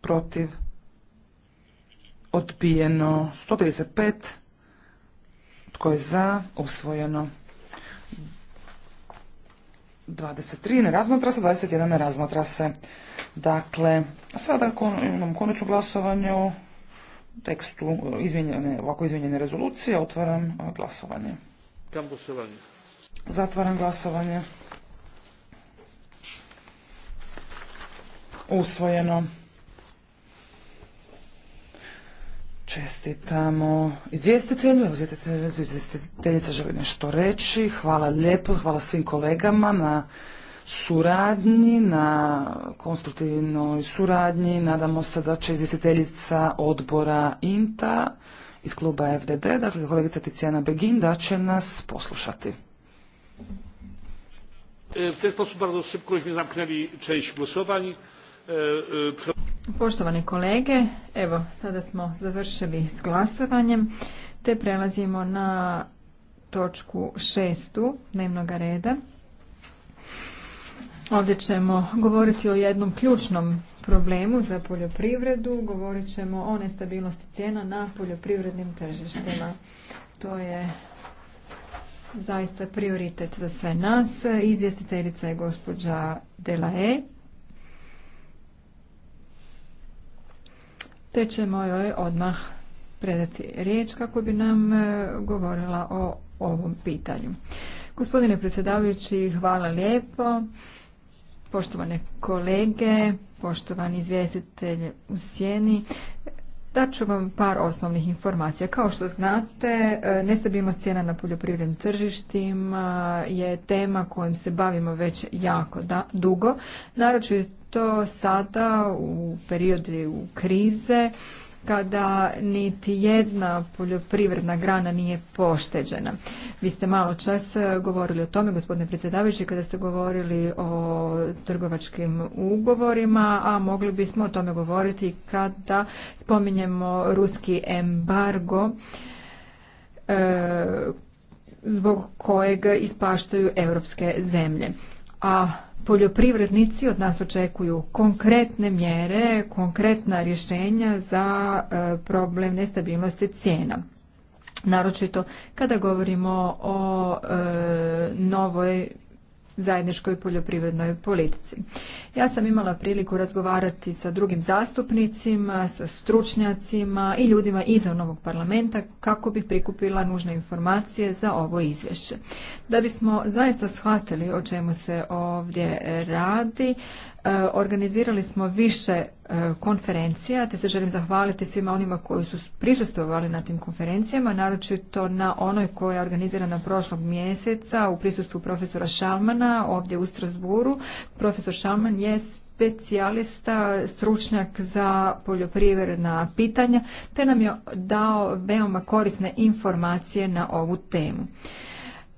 Protiv? Odbijeno. 135. Tko je za? Usvojeno. 23 ne razmatra se, 21 ne razmatra se. Dakle, sada imamo konačno glasovanje o tekstu ovako izmjenjene rezolucije. Otvaram glasovanje. Kam glasovanje? Zatvaram glasovanje. Usvojeno. Čestitamo izvjestitelju. Izvjestiteljica želi nešto reći. Hvala lijepo, hvala svim kolegama na suradnji, na konstruktivnoj suradnji. Nadamo se da će izvjestiteljica odbora INTA iz kluba FDD, dakle kolegica Ticijana Begin, da će nas poslušati. E, w e, e, Poštovani kolege, evo sada smo završili s glasovanjem te prelazimo na točku šestu dnevnog reda. Ovdje ćemo govoriti o jednom ključnom problemu za poljoprivredu, govorit ćemo o nestabilnosti cijena na poljoprivrednim tržištima. To je zaista prioritet za sve nas. Izvjestiteljica je gospođa Delae. Te ćemo joj odmah predati riječ kako bi nam e, govorila o ovom pitanju. Gospodine predsjedavajući, hvala lijepo. Poštovane kolege, poštovani izvjestitelj u Sjeni, ću vam par osnovnih informacija. Kao što znate, e, nestabilnost cijena na poljoprivrednim tržištima je tema kojom se bavimo već jako da, dugo. Naročito sada u periodu krize kada niti jedna poljoprivredna grana nije pošteđena. Vi ste malo čas eh, govorili o tome, gospodine predsjedavajući, kada ste govorili o trgovačkim ugovorima, a mogli bismo o tome govoriti kada spominjemo ruski embargo eh, zbog kojeg ispaštaju europske zemlje. A poljoprivrednici od nas očekuju konkretne mjere, konkretna rješenja za e, problem nestabilnosti cijena. Naročito kada govorimo o e, novoj zajedničkoj poljoprivrednoj politici. Ja sam imala priliku razgovarati sa drugim zastupnicima, sa stručnjacima i ljudima izvan ovog parlamenta kako bi prikupila nužne informacije za ovo izvješće. Da bismo zaista shvatili o čemu se ovdje radi, E, organizirali smo više e, konferencija, te se želim zahvaliti svima onima koji su prisustovali na tim konferencijama, naročito na onoj koja je organizirana prošlog mjeseca u prisustvu profesora Šalmana ovdje u Strasburu. Profesor Šalman je specijalista, stručnjak za poljoprivredna pitanja, te nam je dao veoma korisne informacije na ovu temu.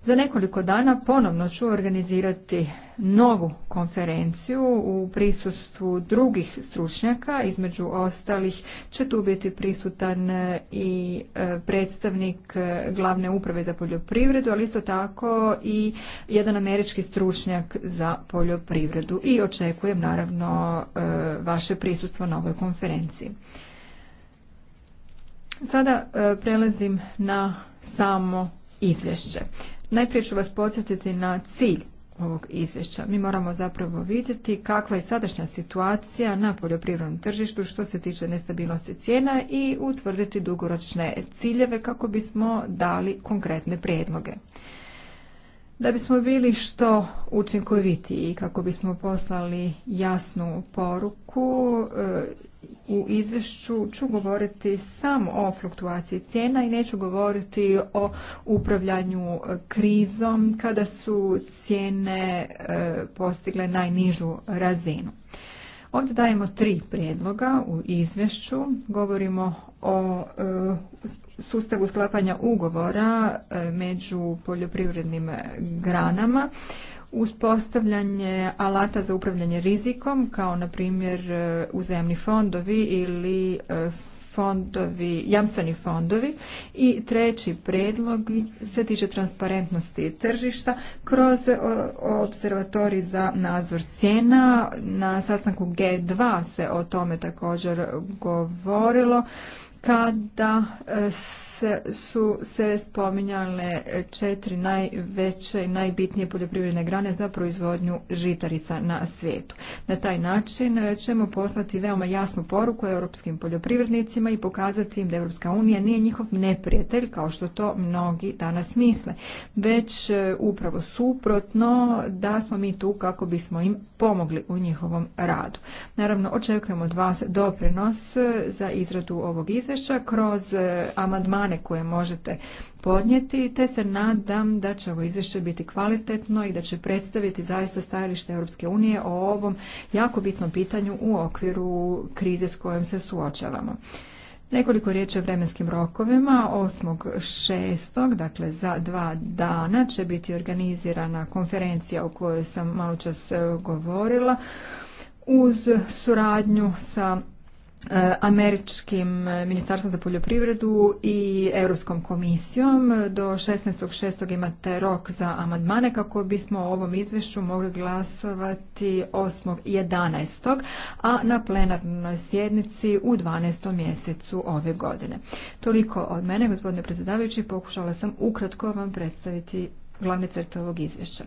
Za nekoliko dana ponovno ću organizirati novu konferenciju u prisustvu drugih stručnjaka, između ostalih će tu biti prisutan i e, predstavnik e, glavne uprave za poljoprivredu, ali isto tako i jedan američki stručnjak za poljoprivredu i očekujem naravno e, vaše prisustvo na ovoj konferenciji. Sada prelazim na samo izvješće. Najprije ću vas podsjetiti na cilj ovog izvješća. Mi moramo zapravo vidjeti kakva je sadašnja situacija na poljoprivrednom tržištu što se tiče nestabilnosti cijena i utvrditi dugoročne ciljeve kako bismo dali konkretne prijedloge. Da bismo bili što učinkovitiji i kako bismo poslali jasnu poruku e, u izvješću ću govoriti samo o fluktuaciji cijena i neću govoriti o upravljanju e, krizom kada su cijene e, postigle najnižu razinu. Ovdje dajemo tri prijedloga u izvješću. Govorimo o e, sustavu sklapanja ugovora među poljoprivrednim granama uspostavljanje alata za upravljanje rizikom kao na primjer e, uzemni fondovi ili e, fondovi, jamstveni fondovi i treći predlog se tiče transparentnosti tržišta kroz e, observatori za nadzor cijena. Na sastanku G2 se o tome također govorilo kada e, su se spominjale četiri najveće i najbitnije poljoprivredne grane za proizvodnju žitarica na svijetu. Na taj način ćemo poslati veoma jasnu poruku europskim poljoprivrednicima i pokazati im da Europska unija nije njihov neprijatelj kao što to mnogi danas misle, već e, upravo suprotno da smo mi tu kako bismo im pomogli u njihovom radu. Naravno, očekujemo od vas doprinos e, za izradu ovog izvješća kroz e, amandmane koje možete podnijeti, te se nadam da će ovo izvješće biti kvalitetno i da će predstaviti zaista stajalište Europske unije o ovom jako bitnom pitanju u okviru krize s kojom se suočavamo. Nekoliko riječi o vremenskim rokovima. 8.6. dakle za dva dana će biti organizirana konferencija o kojoj sam malo čas e, govorila uz suradnju sa E, američkim ministarstvom za poljoprivredu i Europskom komisijom. Do 16.6. imate rok za amandmane kako bismo o ovom izvješću mogli glasovati 8.11. a na plenarnoj sjednici u 12. mjesecu ove godine. Toliko od mene, gospodine predsjedavajući, pokušala sam ukratko vam predstaviti glavne crte ovog izvješća.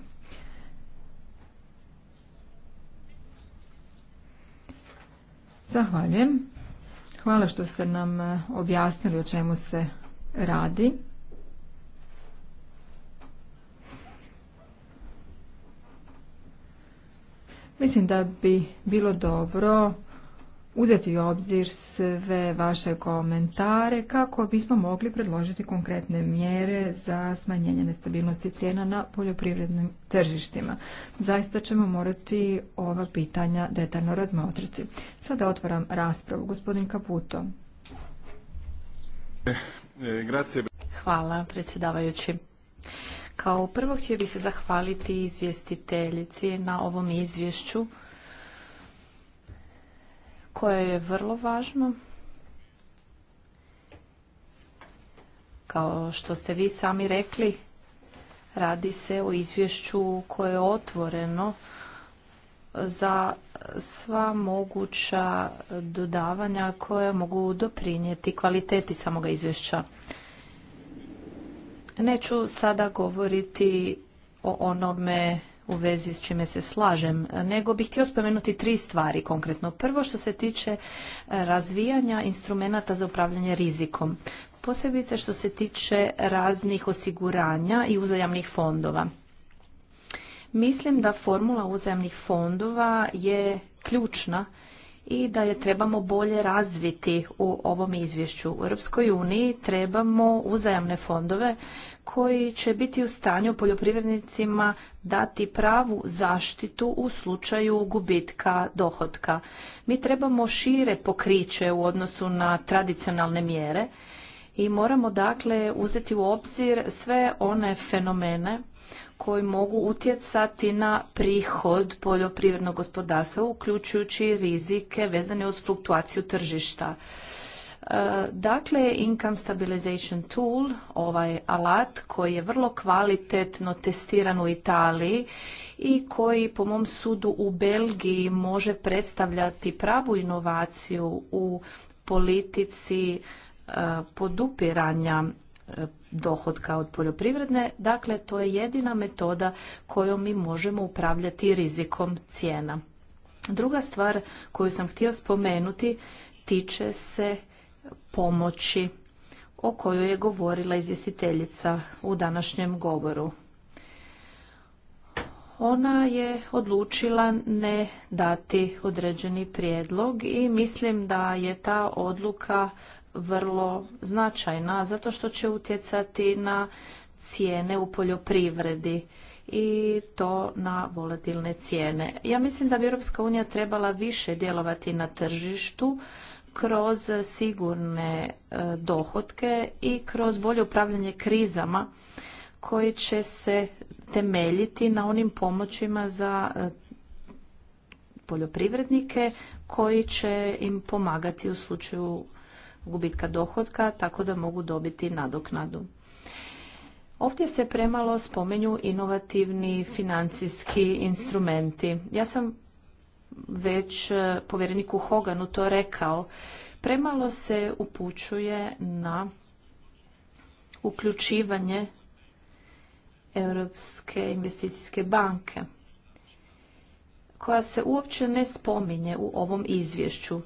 Zahvaljujem. Hvala što ste nam e, objasnili o čemu se radi. Mislim da bi bilo dobro uzeti u obzir sve vaše komentare kako bismo mogli predložiti konkretne mjere za smanjenje nestabilnosti cijena na poljoprivrednim tržištima. Zaista ćemo morati ova pitanja detaljno razmotriti. Sada otvaram raspravu. Gospodin Kaputo. Eh, eh, Hvala predsjedavajući. Kao prvo htio bih se zahvaliti izvjestiteljici na ovom izvješću koje je vrlo važno. Kao što ste vi sami rekli, radi se o izvješću koje je otvoreno za sva moguća dodavanja koja mogu doprinijeti kvaliteti samoga izvješća. Neću sada govoriti o onome u vezi s čime se slažem, nego bih htio spomenuti tri stvari konkretno. Prvo što se tiče e, razvijanja instrumenata za upravljanje rizikom, posebice što se tiče raznih osiguranja i uzajamnih fondova. Mislim da formula uzajamnih fondova je ključna i da je trebamo bolje razviti u ovom izvješću. U Europskoj uniji trebamo uzajamne fondove koji će biti u stanju poljoprivrednicima dati pravu zaštitu u slučaju gubitka dohotka. Mi trebamo šire pokriće u odnosu na tradicionalne mjere i moramo dakle uzeti u obzir sve one fenomene koji mogu utjecati na prihod poljoprivrednog gospodarstva, uključujući rizike vezane uz fluktuaciju tržišta. E, dakle, Income Stabilization Tool, ovaj alat koji je vrlo kvalitetno testiran u Italiji i koji po mom sudu u Belgiji može predstavljati pravu inovaciju u politici e, podupiranja dohodka od poljoprivredne. Dakle, to je jedina metoda kojom mi možemo upravljati rizikom cijena. Druga stvar koju sam htio spomenuti tiče se pomoći o kojoj je govorila izvjestiteljica u današnjem govoru. Ona je odlučila ne dati određeni prijedlog i mislim da je ta odluka vrlo značajna zato što će utjecati na cijene u poljoprivredi i to na volatilne cijene. Ja mislim da bi Europska unija trebala više djelovati na tržištu kroz sigurne e, dohotke i kroz bolje upravljanje krizama koji će se temeljiti na onim pomoćima za e, poljoprivrednike koji će im pomagati u slučaju gubitka dohodka, tako da mogu dobiti nadoknadu. Ovdje se premalo spomenju inovativni financijski instrumenti. Ja sam već e, povjereniku Hoganu to rekao. Premalo se upućuje na uključivanje Europske investicijske banke koja se uopće ne spominje u ovom izvješću.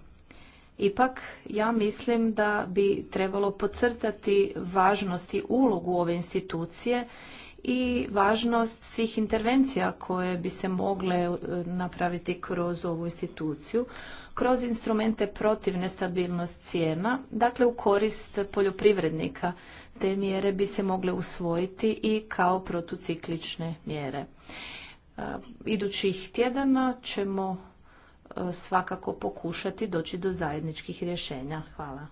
Ipak ja mislim da bi trebalo podcrtati važnost i ulogu ove institucije i važnost svih intervencija koje bi se mogle e, napraviti kroz ovu instituciju, kroz instrumente protiv nestabilnost cijena, dakle u korist poljoprivrednika. Te mjere bi se mogle usvojiti i kao protuciklične mjere. E, idućih tjedana ćemo svakako pokušati doći do zajedničkih rješenja. Hvala.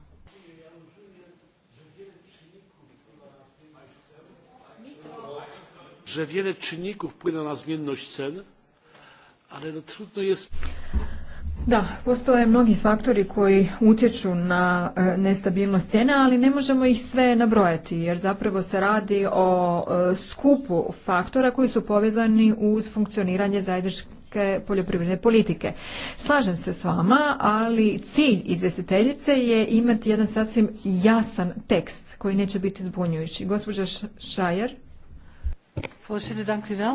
na zmienność cen, ale no trudno Da, postoje mnogi faktori koji utječu na e, nestabilnost cijena, ali ne možemo ih sve nabrojati jer zapravo se radi o e, skupu faktora koji su povezani uz funkcioniranje zajedničkog poljoprivredne politike. Slažem se s vama, ali cilj izvjestiteljice je imati jedan sasvim jasan tekst koji neće biti zbunjujući. Gospođa Šrajer. Eh,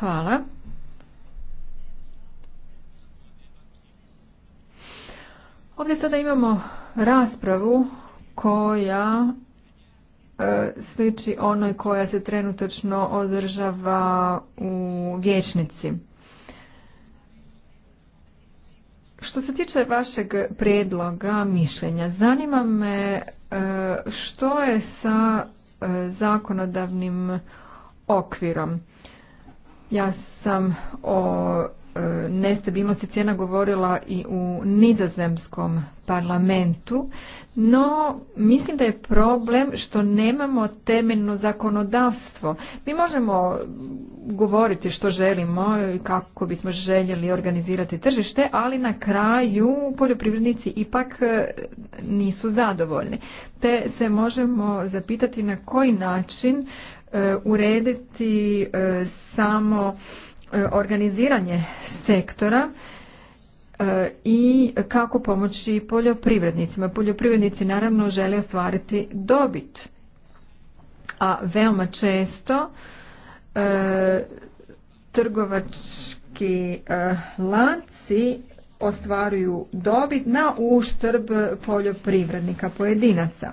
Hvala. Ovdje sada imamo raspravu koja E, sliči onoj koja se trenutačno održava u vječnici. Što se tiče vašeg predloga, mišljenja, zanima me e, što je sa e, zakonodavnim okvirom. Ja sam o E, nestabilnosti cijena govorila i u nizozemskom parlamentu, no mislim da je problem što nemamo temeljno zakonodavstvo. Mi možemo govoriti što želimo i kako bismo željeli organizirati tržište, ali na kraju poljoprivrednici ipak e, nisu zadovoljni. Te se možemo zapitati na koji način e, urediti samo E, organiziranje sektora e, i kako pomoći poljoprivrednicima. Poljoprivrednici naravno žele ostvariti dobit, a veoma često e, trgovački lanci ostvaruju dobit na uštrb poljoprivrednika pojedinaca.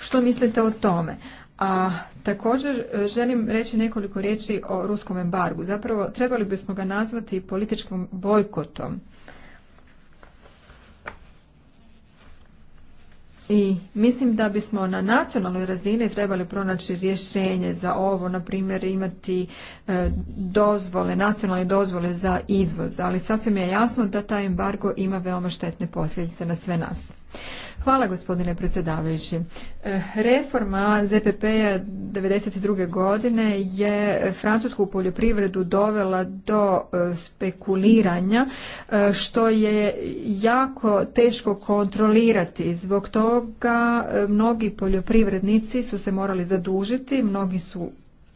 Što mislite o tome? A također e, želim reći nekoliko riječi o ruskom embargu. Zapravo trebali bismo ga nazvati političkom bojkotom. I mislim da bismo na nacionalnoj razini trebali pronaći rješenje za ovo, na primjer imati e, dozvole, nacionalne dozvole za izvoz, ali sasvim je jasno da taj embargo ima veoma štetne posljedice na sve nas. Hvala gospodine predsjedavajući. E, reforma ZPP-a 1992. godine je francusku poljoprivredu dovela do e, spekuliranja e, što je jako teško kontrolirati. Zbog toga mnogi poljoprivrednici su se morali zadužiti, mnogi su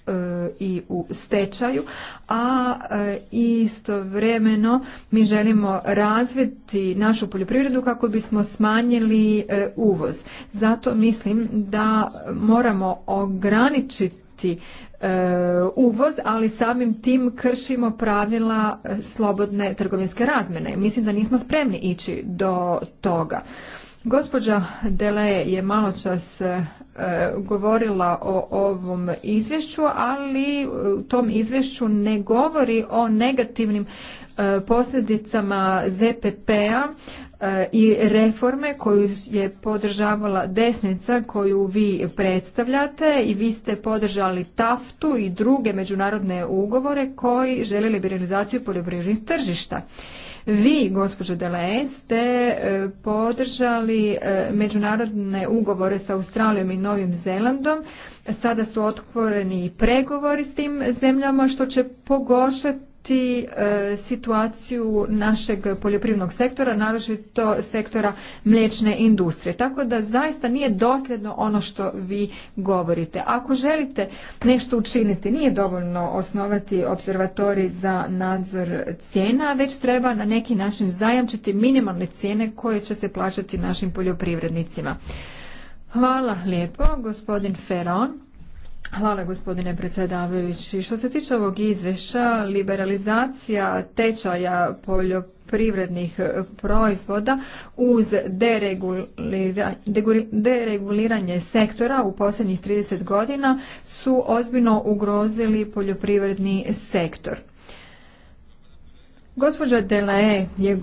E, i u stečaju, a e, istovremeno mi želimo razviti našu poljoprivredu kako bismo smanjili e, uvoz. Zato mislim da moramo ograničiti uvoz, ali samim tim kršimo pravila slobodne trgovinske razmjene. Mislim da nismo spremni ići do toga. Gospođa Dele je malo čas e, govorila o ovom izvješću, ali u tom izvješću ne govori o negativnim e, posljedicama ZPP-a e, i reforme koju je podržavala desnica koju vi predstavljate i vi ste podržali TAFTU i druge međunarodne ugovore koji žele liberalizaciju poljoprivrednih tržišta. Vi, gospođo Dele, ste e, podržali e, međunarodne ugovore sa Australijom i Novim Zelandom. Sada su otvoreni i pregovori s tim zemljama što će pogoršati ti e, situaciju našeg poljoprivrednog sektora, naročito sektora mliječne industrije. Tako da zaista nije dosljedno ono što vi govorite. Ako želite nešto učiniti, nije dovoljno osnovati observatori za nadzor cijena, već treba na neki način zajamčiti minimalne cijene koje će se plaćati našim poljoprivrednicima. Hvala lijepo, gospodin Feron. Hvala gospodine predsjedavajući. Što se tiče ovog izvješća, liberalizacija tečaja poljoprivrednih proizvoda uz dereguliranje sektora u posljednjih 30 godina su ozbiljno ugrozili poljoprivredni sektor. Gospođa Delae je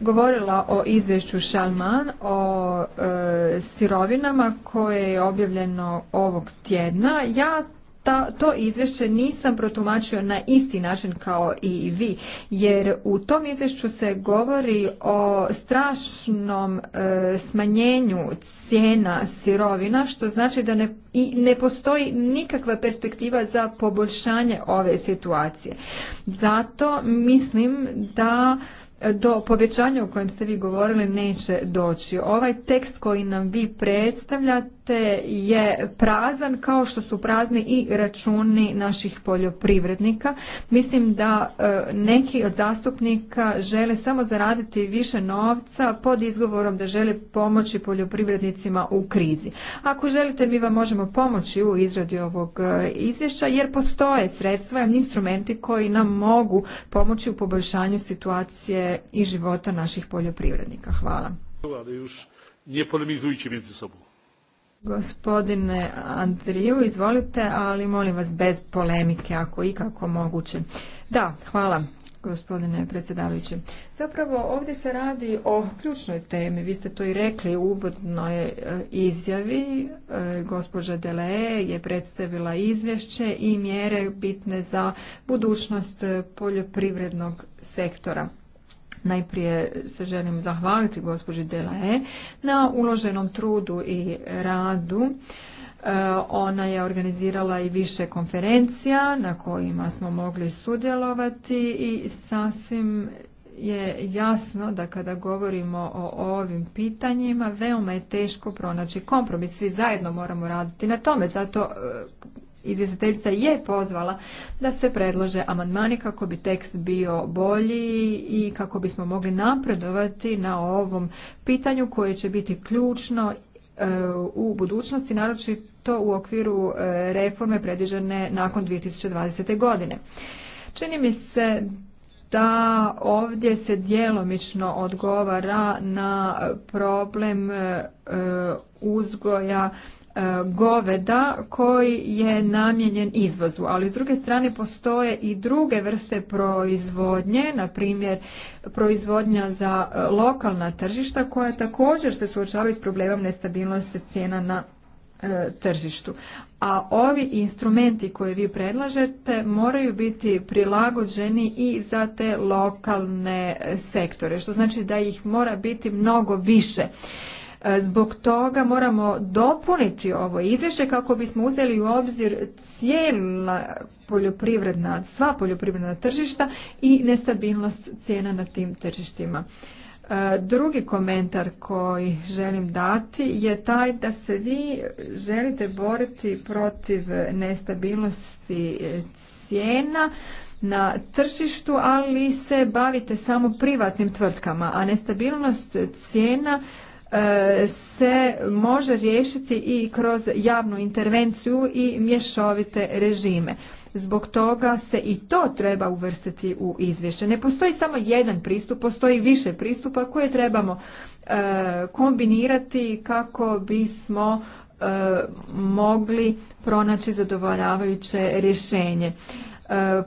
govorila o izvješću Šalman o e, sirovinama koje je objavljeno ovog tjedna. Ja ta, to izvješće nisam protumačio na isti način kao i vi, jer u tom izvješću se govori o strašnom e, smanjenju cijena sirovina, što znači da ne, i ne postoji nikakva perspektiva za poboljšanje ove situacije. Zato mislim da do povećanja o kojem ste vi govorili neće doći. Ovaj tekst koji nam vi predstavljate je prazan kao što su prazni i računi naših poljoprivrednika. Mislim da e, neki od zastupnika žele samo zaraditi više novca pod izgovorom da žele pomoći poljoprivrednicima u krizi. Ako želite mi vam možemo pomoći u izradi ovog e, izvješća jer postoje sredstva i instrumenti koji nam mogu pomoći u poboljšanju situacije i života naših poljoprivrednika. Hvala. Gospodine Andriju, izvolite, ali molim vas bez polemike, ako i kako moguće. Da, hvala gospodine predsjedavajući. Zapravo ovdje se radi o ključnoj temi, vi ste to i rekli u uvodnoj e, izjavi. E, gospođa Dele je predstavila izvješće i mjere bitne za budućnost poljoprivrednog sektora. Najprije se želim zahvaliti gospođi Delae na uloženom trudu i radu. E, ona je organizirala i više konferencija na kojima smo mogli sudjelovati i sasvim je jasno da kada govorimo o ovim pitanjima veoma je teško pronaći kompromis. Svi zajedno moramo raditi na tome. Zato e, izvjestiteljica je pozvala da se predlože amandmani kako bi tekst bio bolji i kako bismo mogli napredovati na ovom pitanju koje će biti ključno e, u budućnosti, naročito u okviru e, reforme predviđene nakon 2020. godine. Čini mi se da ovdje se djelomično odgovara na problem e, uzgoja E, goveda koji je namijenjen izvozu, ali s druge strane postoje i druge vrste proizvodnje, na primjer proizvodnja za e, lokalna tržišta koja također se suočavaju s problemom nestabilnosti cijena na e, tržištu. A ovi instrumenti koje vi predlažete moraju biti prilagođeni i za te lokalne sektore, što znači da ih mora biti mnogo više. E, zbog toga moramo dopuniti ovo izvješće kako bismo uzeli u obzir cijela poljoprivredna, sva poljoprivredna tržišta i nestabilnost cijena na tim tržištima. E, drugi komentar koji želim dati je taj da se vi želite boriti protiv nestabilnosti e, cijena na tržištu, ali se bavite samo privatnim tvrtkama, a nestabilnost cijena E, se može riješiti i kroz javnu intervenciju i mješovite režime. Zbog toga se i to treba uvrstiti u izvješće. Ne postoji samo jedan pristup, postoji više pristupa koje trebamo e, kombinirati kako bismo e, mogli pronaći zadovoljavajuće rješenje.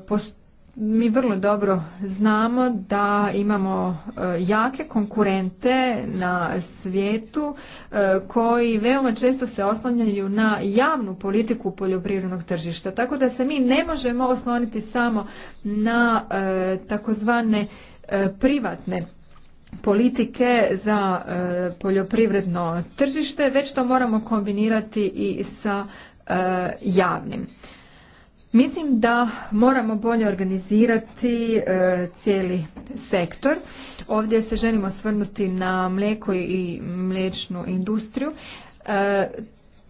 Postoji mi vrlo dobro znamo da imamo e, jake konkurente na svijetu e, koji veoma često se oslanjaju na javnu politiku poljoprivrednog tržišta. Tako da se mi ne možemo osloniti samo na e, takozvane privatne politike za poljoprivredno tržište, već to moramo kombinirati i sa javnim. Mislim da moramo bolje organizirati e, cijeli sektor. Ovdje se želimo svrnuti na mlijeko i mliječnu industriju. E,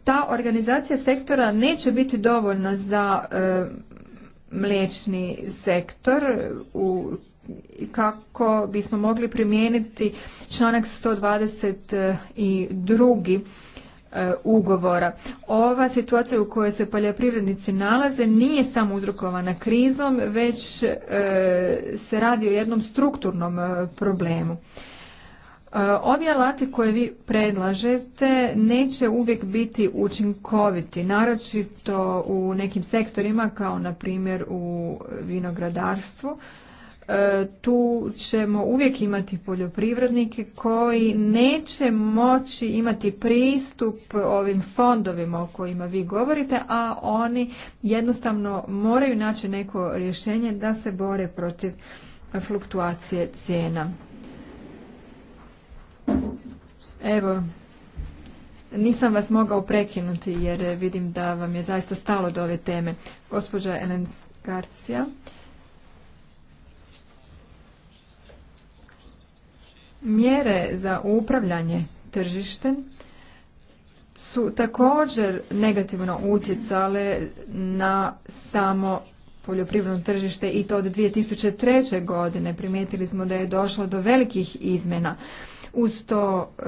ta organizacija sektora neće biti dovoljna za e, mliječni sektor u kako bismo mogli primijeniti članak 122 E, ugovora. Ova situacija u kojoj se poljoprivrednici nalaze nije samo uzrokovana krizom, već e, se radi o jednom strukturnom e, problemu. Ovi alati koje vi predlažete neće uvijek biti učinkoviti, naročito u nekim sektorima kao na primjer u vinogradarstvu E, tu ćemo uvijek imati poljoprivrednike koji neće moći imati pristup ovim fondovima o kojima vi govorite, a oni jednostavno moraju naći neko rješenje da se bore protiv fluktuacije cijena. Evo, nisam vas mogao prekinuti jer vidim da vam je zaista stalo do ove teme. Gospođa Elen Garcia. Mjere za upravljanje tržištem su također negativno utjecale na samo poljoprivredno tržište i to od 2003. godine primijetili smo da je došlo do velikih izmjena. Uz to e,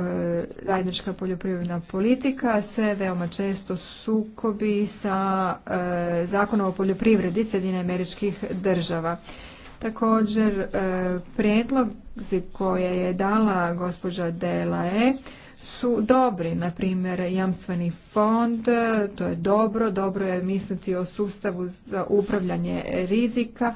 zajednička poljoprivredna politika se veoma često sukobi sa e, zakonom o poljoprivredi Sjedine američkih država. Također, e, prijedlog koje je dala gospođa Delae su dobri, na primjer jamstveni fond, to je dobro, dobro je misliti o sustavu za upravljanje rizika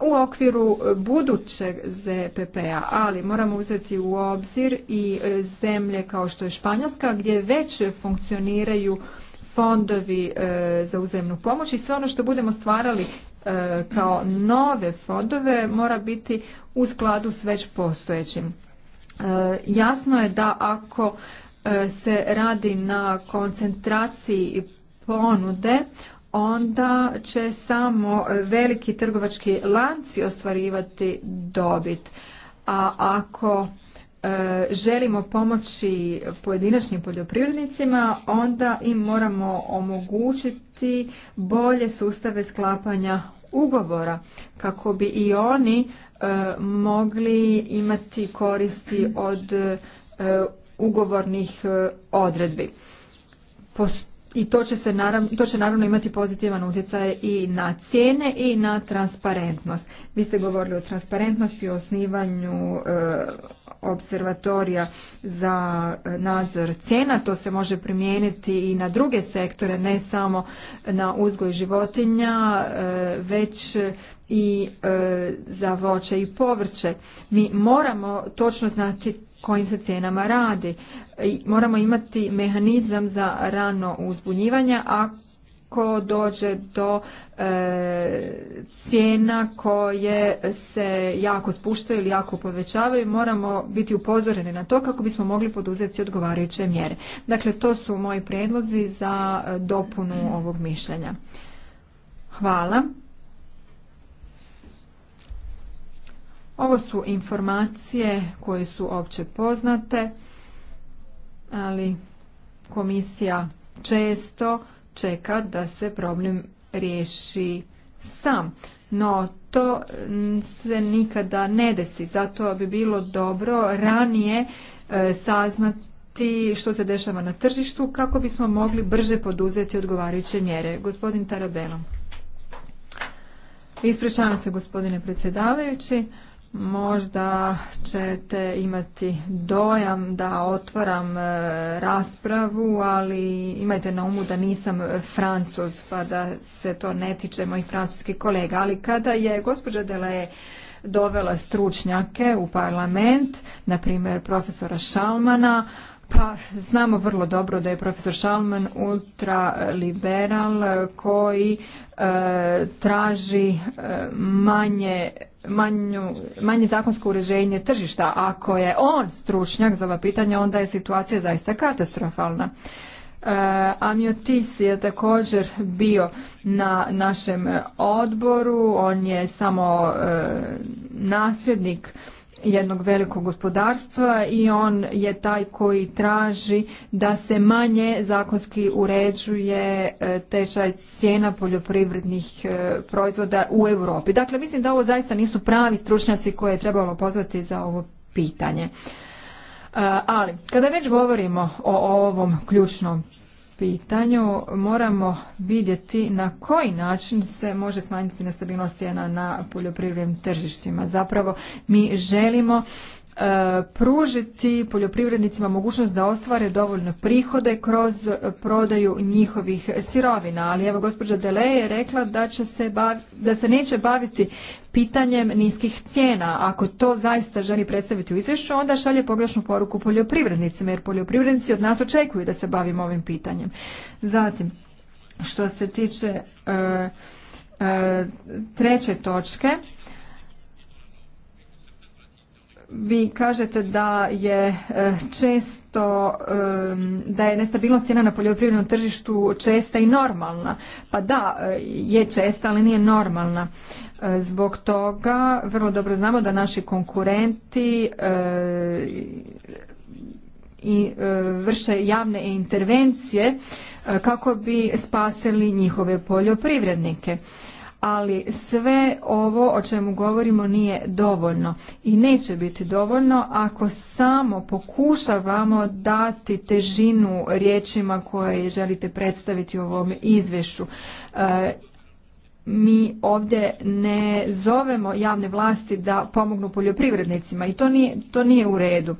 u okviru budućeg ZPP-a, ali moramo uzeti u obzir i zemlje kao što je Španjolska gdje već funkcioniraju fondovi e, za uzemnu pomoć i sve ono što budemo stvarali e, kao nove fondove mora biti u skladu s već postojećim. E, jasno je da ako e, se radi na koncentraciji ponude, onda će samo veliki trgovački lanci ostvarivati dobit. A ako e, želimo pomoći pojedinačnim poljoprivrednicima, onda im moramo omogućiti bolje sustave sklapanja ugovora kako bi i oni E, mogli imati koristi od e, ugovornih e, odredbi. I to će, naravno, to će naravno imati pozitivan utjecaj i na cijene i na transparentnost. Vi ste govorili o transparentnosti, o osnivanju observatorija za e, nadzor cijena. To se može primijeniti i na druge sektore, ne samo na uzgoj životinja, e, već i e, za voće i povrće. Mi moramo točno znati kojim se cijenama radi. Moramo imati mehanizam za rano uzbunjivanje, a ko dođe do e, cijena koje se jako spuštaju ili jako povećavaju, moramo biti upozoreni na to kako bismo mogli poduzeti odgovarajuće mjere. Dakle, to su moji predlozi za e, dopunu ovog mišljenja. Hvala. Ovo su informacije koje su opće poznate, ali komisija često čeka da se problem riješi sam. No, to mm, se nikada ne desi, zato bi bilo dobro ranije e, saznati što se dešava na tržištu kako bismo mogli brže poduzeti odgovarajuće mjere. Gospodin Tarabela. Ispričavam se gospodine predsjedavajući. Možda ćete imati dojam da otvaram e, raspravu, ali imajte na umu da nisam francuz, pa da se to ne tiče mojih francuskih kolega. Ali kada je gospođa Delaje dovela stručnjake u parlament, na primjer profesora Šalmana, pa znamo vrlo dobro da je profesor Šalman ultraliberal koji e, traži e, manje Manju, manje zakonsko uređenje tržišta. Ako je on stručnjak za ova pitanja, onda je situacija zaista katastrofalna. E, Amiotis je također bio na našem odboru, on je samo e, nasljednik jednog velikog gospodarstva i on je taj koji traži da se manje zakonski uređuje e, tečaj cijena poljoprivrednih e, proizvoda u Europi. Dakle, mislim da ovo zaista nisu pravi stručnjaci koje je trebalo pozvati za ovo pitanje. E, ali, kada već govorimo o ovom ključnom pitanju moramo vidjeti na koji način se može smanjiti nestabilnost cijena na poljoprivrednim tržištima. Zapravo mi želimo e, pružiti poljoprivrednicima mogućnost da ostvare dovoljno prihode kroz prodaju njihovih sirovina. Ali evo gospođa Deleje je rekla da, će se da se neće baviti pitanjem niskih cijena. Ako to zaista želi predstaviti u izvješću, onda šalje pogrešnu poruku poljoprivrednicima, jer poljoprivrednici od nas očekuju da se bavimo ovim pitanjem. Zatim, što se tiče e, e, treće točke, vi kažete da je e, često e, da je nestabilnost cijena na poljoprivrednom tržištu česta i normalna. Pa da, e, je česta, ali nije normalna. Zbog toga vrlo dobro znamo da naši konkurenti i vrše javne intervencije kako bi spasili njihove poljoprivrednike ali sve ovo o čemu govorimo nije dovoljno i neće biti dovoljno ako samo pokušavamo dati težinu riječima koje želite predstaviti u ovom izvješću. E, mi ovdje ne zovemo javne vlasti da pomognu poljoprivrednicima i to nije, to nije u redu.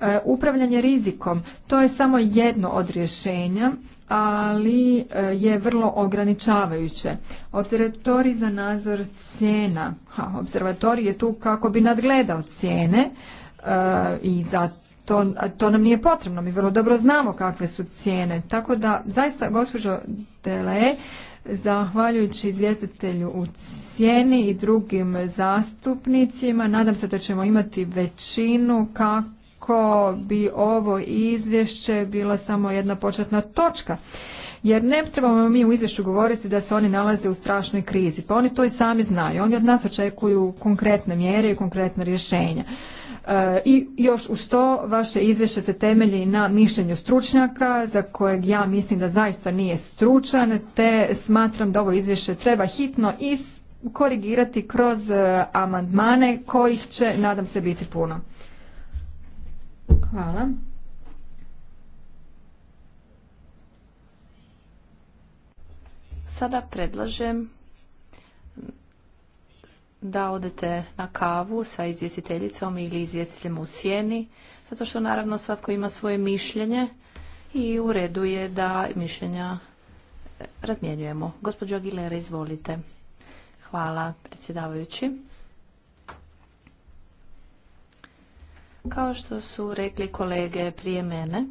E, upravljanje rizikom, to je samo jedno od rješenja ali e, je vrlo ograničavajuće. Observatori za nadzor cijena, ha, observatorij je tu kako bi nadgledao cijene e, i za to, to nam nije potrebno, mi vrlo dobro znamo kakve su cijene. Tako da, zaista, gospođo Dele, zahvaljujući izvjetitelju u cijeni i drugim zastupnicima, nadam se da ćemo imati većinu kako kako bi ovo izvješće bila samo jedna početna točka. Jer ne trebamo mi u izvješću govoriti da se oni nalaze u strašnoj krizi. Pa oni to i sami znaju. Oni od nas očekuju konkretne mjere i konkretne rješenja. E, I još uz to vaše izvješće se temelji na mišljenju stručnjaka za kojeg ja mislim da zaista nije stručan te smatram da ovo izvješće treba hitno korigirati kroz e, amandmane kojih će nadam se biti puno. Hvala. Sada predlažem da odete na kavu sa izvjestiteljicom ili izvjestiteljem u sjeni, zato što naravno svatko ima svoje mišljenje i u redu je da mišljenja razmjenjujemo. Gospođo Aguilera, izvolite. Hvala, predsjedavajući. Kao što su rekli kolege prije mene,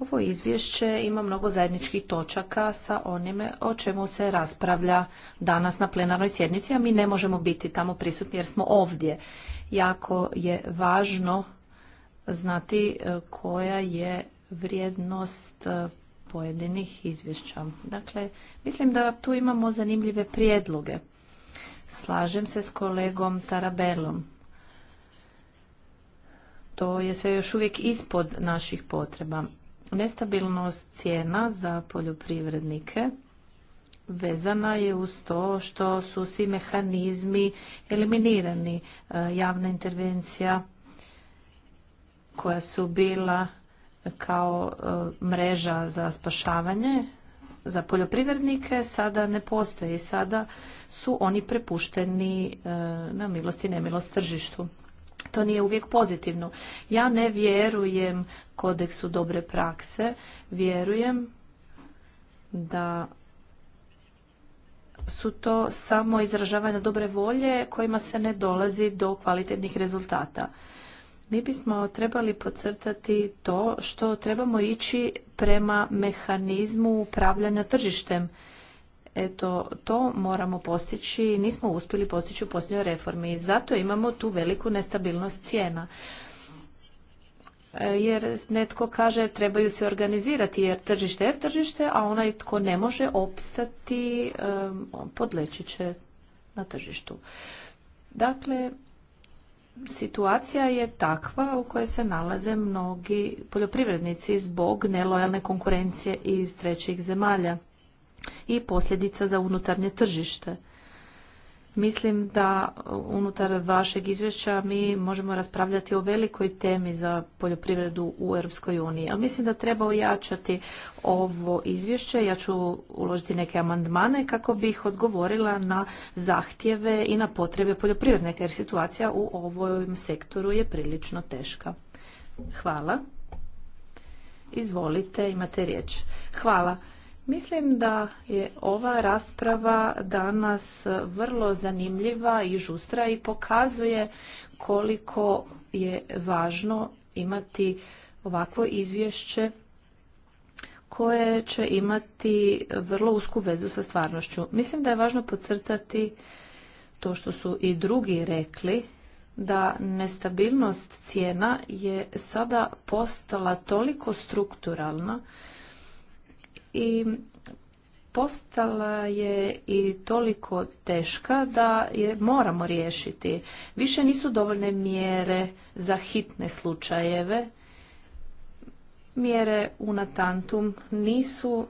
ovo izvješće ima mnogo zajedničkih točaka sa onime o čemu se raspravlja danas na plenarnoj sjednici, a mi ne možemo biti tamo prisutni jer smo ovdje. Jako je važno znati e, koja je vrijednost e, pojedinih izvješća. Dakle, mislim da tu imamo zanimljive prijedloge. Slažem se s kolegom Tarabelom to je sve još uvijek ispod naših potreba. Nestabilnost cijena za poljoprivrednike vezana je uz to što su svi mehanizmi eliminirani. E, javna intervencija koja su bila kao e, mreža za spašavanje za poljoprivrednike sada ne postoje i sada su oni prepušteni e, na milost i nemilost tržištu to nije uvijek pozitivno. Ja ne vjerujem kodeksu dobre prakse, vjerujem da su to samo izražavanje dobre volje kojima se ne dolazi do kvalitetnih rezultata. Mi bismo trebali podcrtati to što trebamo ići prema mehanizmu upravljanja tržištem eto, to moramo postići nismo uspjeli postići u posljednjoj reformi. I zato imamo tu veliku nestabilnost cijena e, jer netko kaže trebaju se organizirati jer tržište je tržište, a onaj tko ne može opstati e, podleći će na tržištu. Dakle, situacija je takva u kojoj se nalaze mnogi poljoprivrednici zbog nelojalne konkurencije iz trećih zemalja i posljedica za unutarnje tržište. Mislim da unutar vašeg izvješća mi možemo raspravljati o velikoj temi za poljoprivredu u Europskoj uniji, ali mislim da treba ojačati ovo izvješće. Ja ću uložiti neke amandmane kako bih odgovorila na zahtjeve i na potrebe poljoprivrednika, jer situacija u ovom sektoru je prilično teška. Hvala. Izvolite, imate riječ. Hvala. Mislim da je ova rasprava danas vrlo zanimljiva i žustra i pokazuje koliko je važno imati ovakvo izvješće koje će imati vrlo usku vezu sa stvarnošću. Mislim da je važno podcrtati to što su i drugi rekli, da nestabilnost cijena je sada postala toliko strukturalna i postala je i toliko teška da je moramo riješiti. Više nisu dovoljne mjere za hitne slučajeve. Mjere u natantum nisu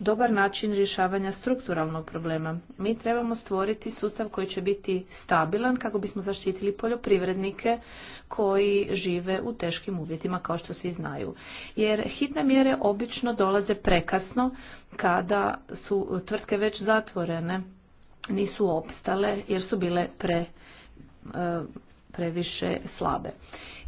dobar način rješavanja strukturalnog problema. Mi trebamo stvoriti sustav koji će biti stabilan kako bismo zaštitili poljoprivrednike koji žive u teškim uvjetima kao što svi znaju. Jer hitne mjere obično dolaze prekasno kada su tvrtke već zatvorene, nisu opstale jer su bile pre e, previše slabe.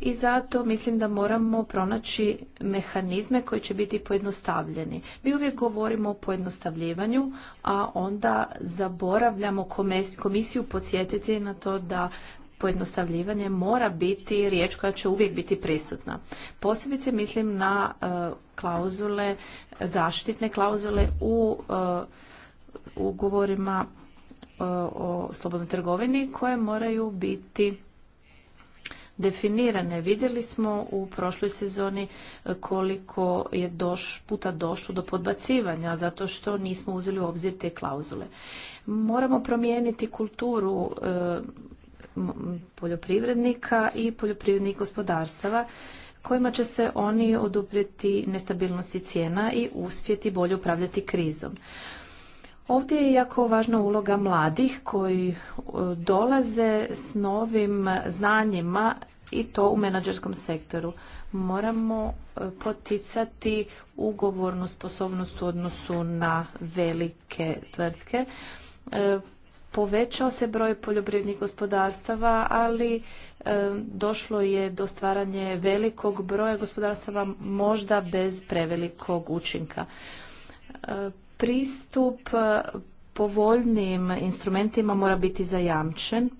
I zato mislim da moramo pronaći mehanizme koji će biti pojednostavljeni. Mi uvijek govorimo o pojednostavljivanju, a onda zaboravljamo komisiju podsjetiti na to da pojednostavljivanje mora biti riječ koja će uvijek biti prisutna. Posebice mislim na e, klauzule, zaštitne klauzule u e, ugovorima e, o slobodnoj trgovini koje moraju biti definirane. Vidjeli smo u prošloj sezoni e, koliko je doš, puta došlo do podbacivanja zato što nismo uzeli u obzir te klauzule. Moramo promijeniti kulturu e, poljoprivrednika i poljoprivrednih gospodarstava kojima će se oni oduprijeti nestabilnosti cijena i uspjeti bolje upravljati krizom. Ovdje je jako važna uloga mladih koji e, dolaze s novim znanjima i to u menadžerskom sektoru. Moramo e, poticati ugovornu sposobnost u odnosu na velike tvrtke. E, povećao se broj poljoprivrednih gospodarstava, ali e, došlo je do stvaranje velikog broja gospodarstava, možda bez prevelikog učinka. Pristup povoljnim instrumentima mora biti zajamčen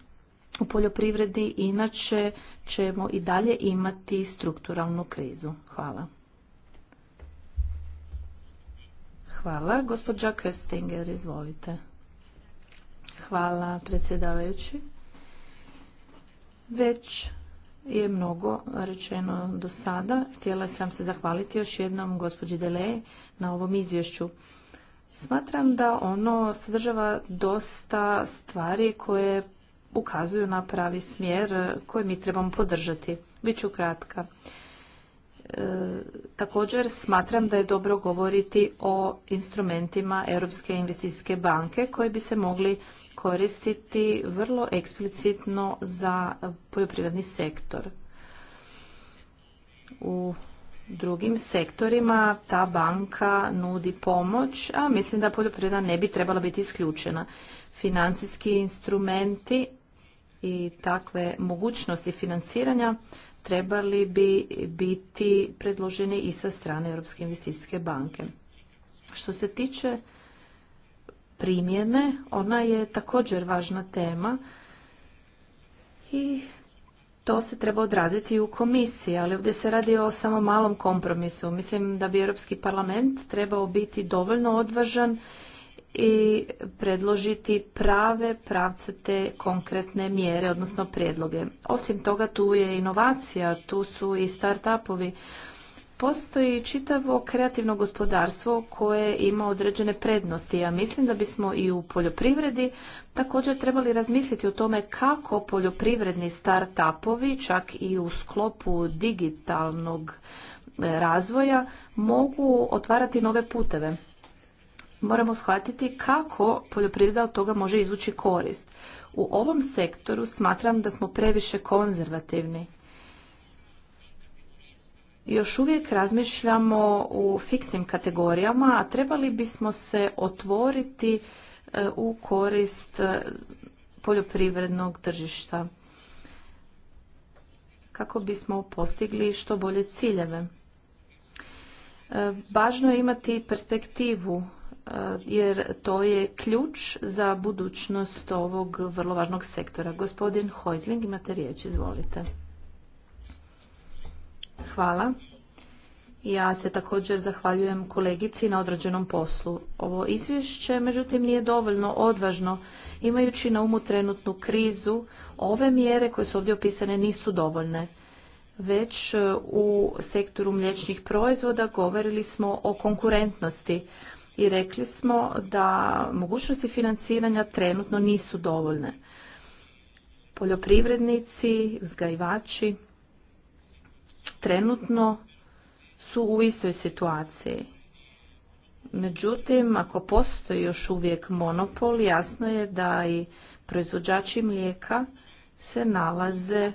u poljoprivredi, inače ćemo i dalje imati strukturalnu krizu. Hvala. Hvala. Gospođa Köstinger, izvolite. Hvala, predsjedavajući. Već je mnogo rečeno do sada. Htjela sam se zahvaliti još jednom gospođi Delej, na ovom izvješću. Smatram da ono sadržava dosta stvari koje ukazuju na pravi smjer e, koji mi trebamo podržati. Biću kratka. E, također smatram da je dobro govoriti o instrumentima Europske investicijske banke koji bi se mogli koristiti vrlo eksplicitno za poljoprivredni sektor. U drugim sektorima ta banka nudi pomoć, a mislim da poljoprivreda ne bi trebala biti isključena. Financijski instrumenti i takve mogućnosti financiranja trebali bi biti predloženi i sa strane Europske investicijske banke. Što se tiče primjene, ona je također važna tema i to se treba odraziti i u komisiji, ali ovdje se radi o samo malom kompromisu. Mislim da bi Europski parlament trebao biti dovoljno odvažan i predložiti prave pravce te konkretne mjere, odnosno prijedloge. Osim toga tu je inovacija, tu su i start-upovi. Postoji čitavo kreativno gospodarstvo koje ima određene prednosti. Ja mislim da bismo i u poljoprivredi također trebali razmisliti o tome kako poljoprivredni start-upovi, čak i u sklopu digitalnog e, razvoja, mogu otvarati nove puteve moramo shvatiti kako poljoprivreda od toga može izvući korist. U ovom sektoru smatram da smo previše konzervativni. Još uvijek razmišljamo u fiksnim kategorijama, a trebali bismo se otvoriti e, u korist e, poljoprivrednog tržišta kako bismo postigli što bolje ciljeve. E, važno je imati perspektivu Eh, jer to je ključ za budućnost ovog vrlo važnog sektora. Gospodin Hojzling, imate riječ, izvolite. Hvala. Ja se također zahvaljujem kolegici na odrađenom poslu. Ovo izvješće, međutim, nije dovoljno odvažno. Imajući na umu trenutnu krizu, ove mjere koje su ovdje opisane nisu dovoljne. Već eh, u sektoru mliječnih proizvoda govorili smo o konkurentnosti, i rekli smo da mogućnosti financiranja trenutno nisu dovoljne. Poljoprivrednici, uzgajivači trenutno su u istoj situaciji. Međutim, ako postoji još uvijek monopol, jasno je da i proizvođači mlijeka se nalaze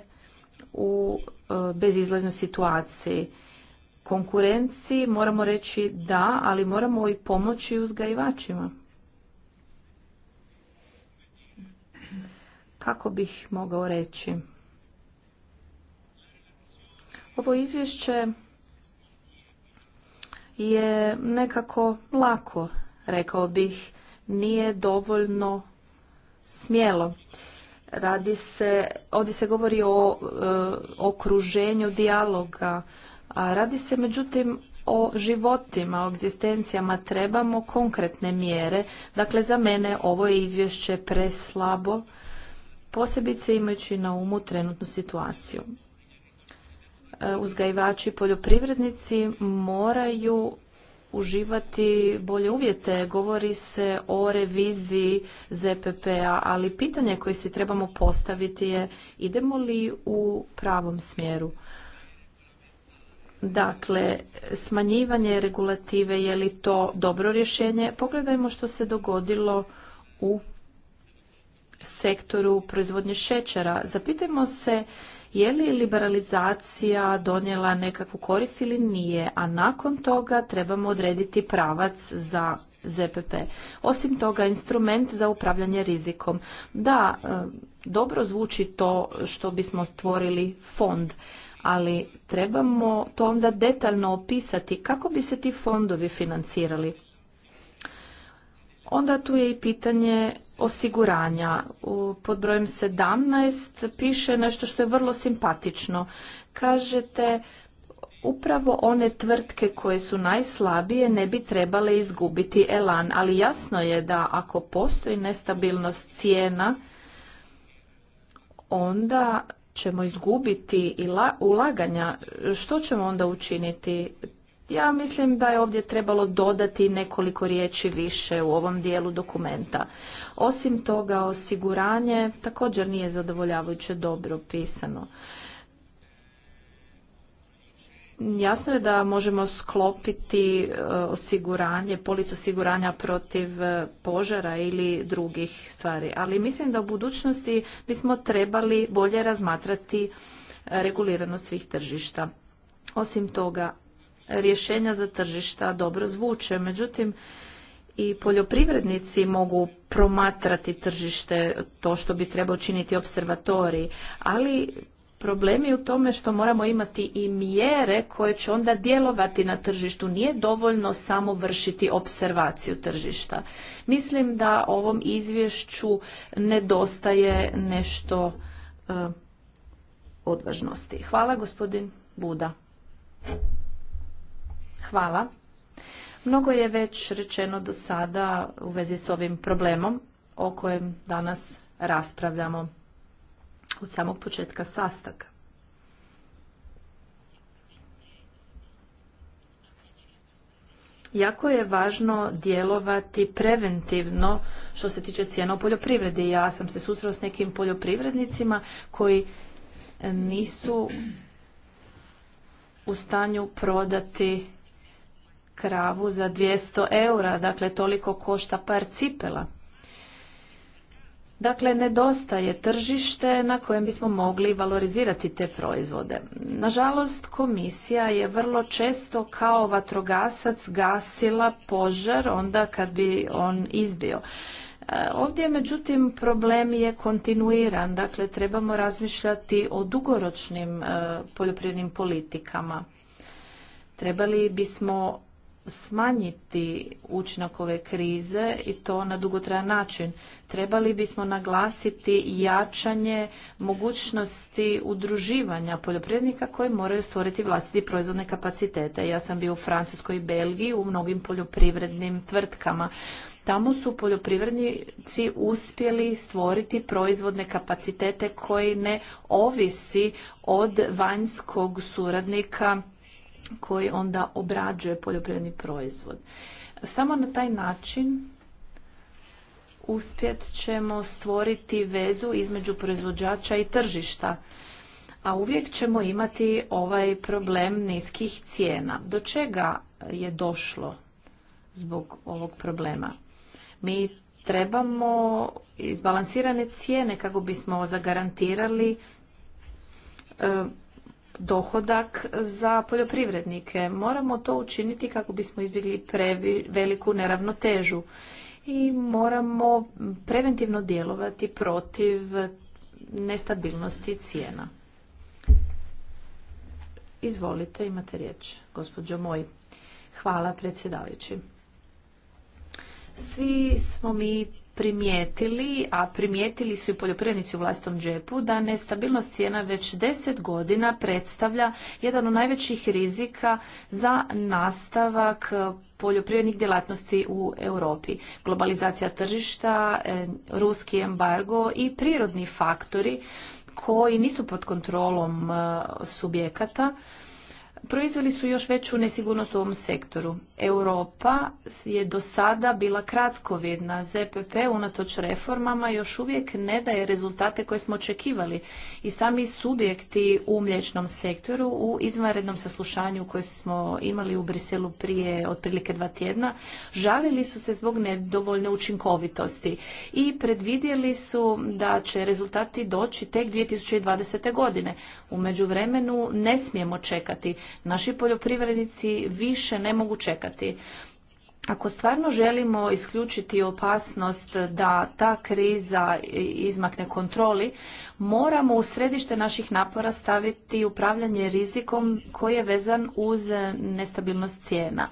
u e, bezizlaznoj situaciji konkurenciji moramo reći da, ali moramo i pomoći uzgajivačima. Kako bih mogao reći? Ovo izvješće je nekako lako, rekao bih, nije dovoljno smjelo. Radi se, ovdje se govori o e, okruženju dijaloga, a radi se međutim o životima, o egzistencijama trebamo konkretne mjere. Dakle, za mene ovo je izvješće preslabo, posebice imajući na umu trenutnu situaciju. E, uzgajivači poljoprivrednici moraju uživati bolje uvjete. Govori se o reviziji ZPP-a, ali pitanje koje si trebamo postaviti je idemo li u pravom smjeru. Dakle, smanjivanje regulative, je li to dobro rješenje? Pogledajmo što se dogodilo u sektoru proizvodnje šećera. Zapitajmo se je li liberalizacija donijela nekakvu korist ili nije, a nakon toga trebamo odrediti pravac za ZPP. Osim toga, instrument za upravljanje rizikom. Da, e, dobro zvuči to što bismo stvorili fond, ali trebamo to onda detaljno opisati kako bi se ti fondovi financirali. Onda tu je i pitanje osiguranja. Pod brojem 17 piše nešto što je vrlo simpatično. Kažete upravo one tvrtke koje su najslabije ne bi trebale izgubiti elan, ali jasno je da ako postoji nestabilnost cijena onda ćemo izgubiti i ulaganja, što ćemo onda učiniti? Ja mislim da je ovdje trebalo dodati nekoliko riječi više u ovom dijelu dokumenta. Osim toga, osiguranje također nije zadovoljavajuće dobro pisano. Jasno je da možemo sklopiti e, osiguranje, policu osiguranja protiv e, požara ili drugih stvari, ali mislim da u budućnosti bismo trebali bolje razmatrati e, regulirano svih tržišta. Osim toga, rješenja za tržišta dobro zvuče, međutim i poljoprivrednici mogu promatrati tržište, to što bi trebao činiti observatori, ali Problem je u tome što moramo imati i mjere koje će onda djelovati na tržištu. Nije dovoljno samo vršiti observaciju tržišta. Mislim da ovom izvješću nedostaje nešto e, odvažnosti. Hvala gospodin Buda. Hvala. Mnogo je već rečeno do sada u vezi s ovim problemom o kojem danas raspravljamo od samog početka sastaka. Jako je važno djelovati preventivno što se tiče cijena u poljoprivredi. Ja sam se susrela s nekim poljoprivrednicima koji nisu u stanju prodati kravu za 200 eura, dakle toliko košta par cipela. Dakle, nedostaje tržište na kojem bismo mogli valorizirati te proizvode. Nažalost, komisija je vrlo često kao vatrogasac gasila požar onda kad bi on izbio. E, ovdje međutim problem je kontinuiran, dakle trebamo razmišljati o dugoročnim e, poljoprivrednim politikama. Trebali bismo smanjiti učinak ove krize i to na dugotrajan način. Trebali bismo naglasiti jačanje mogućnosti udruživanja poljoprivrednika koji moraju stvoriti vlastiti proizvodne kapacitete. Ja sam bio u Francuskoj i Belgiji u mnogim poljoprivrednim tvrtkama. Tamo su poljoprivrednici uspjeli stvoriti proizvodne kapacitete koji ne ovisi od vanjskog suradnika koji onda obrađuje poljoprivredni proizvod. Samo na taj način uspjet ćemo stvoriti vezu između proizvođača i tržišta. A uvijek ćemo imati ovaj problem niskih cijena. Do čega je došlo zbog ovog problema? Mi trebamo izbalansirane cijene kako bismo zagarantirali e, dohodak za poljoprivrednike. Moramo to učiniti kako bismo izbjegli preveliku neravnotežu i moramo preventivno djelovati protiv nestabilnosti cijena. Izvolite, imate riječ, gospođo moj. Hvala, predsjedavajući. Svi smo mi primijetili, a primijetili su i poljoprivrednici u vlastitom džepu, da nestabilnost cijena već deset godina predstavlja jedan od najvećih rizika za nastavak poljoprivrednih djelatnosti u Europi. Globalizacija tržišta, e, ruski embargo i prirodni faktori koji nisu pod kontrolom e, subjekata proizveli su još veću nesigurnost u ovom sektoru. Europa je do sada bila kratkovidna. ZPP unatoč reformama još uvijek ne daje rezultate koje smo očekivali. I sami subjekti u mliječnom sektoru u izvanrednom saslušanju koje smo imali u Briselu prije otprilike dva tjedna žalili su se zbog nedovoljne učinkovitosti i predvidjeli su da će rezultati doći tek 2020. godine. U međuvremenu ne smijemo čekati Naši poljoprivrednici više ne mogu čekati. Ako stvarno želimo isključiti opasnost da ta kriza izmakne kontroli, moramo u središte naših napora staviti upravljanje rizikom koji je vezan uz nestabilnost cijena.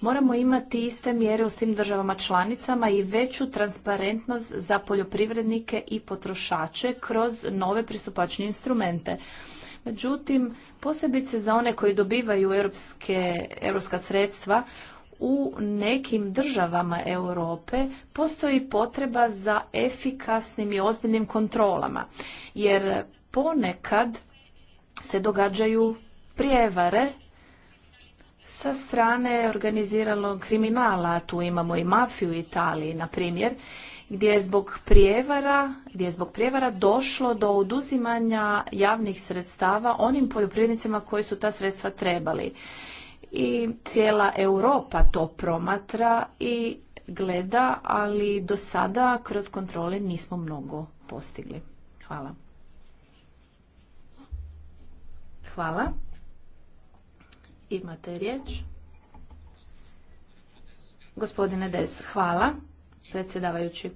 Moramo imati iste mjere u svim državama članicama i veću transparentnost za poljoprivrednike i potrošače kroz nove pristupačne instrumente. Međutim, posebice za one koji dobivaju europske, europska sredstva, u nekim državama Europe postoji potreba za efikasnim i ozbiljnim kontrolama. Jer ponekad se događaju prijevare sa strane organiziranog kriminala. Tu imamo i mafiju u Italiji, na primjer, gdje je zbog prijevara, gdje je zbog prijevara došlo do oduzimanja javnih sredstava onim poljoprivrednicima koji su ta sredstva trebali. I cijela Europa to promatra i gleda, ali do sada kroz kontrole nismo mnogo postigli. Hvala. Hvala. Imate riječ. Gospodine Des, hvala, predsjedavajući.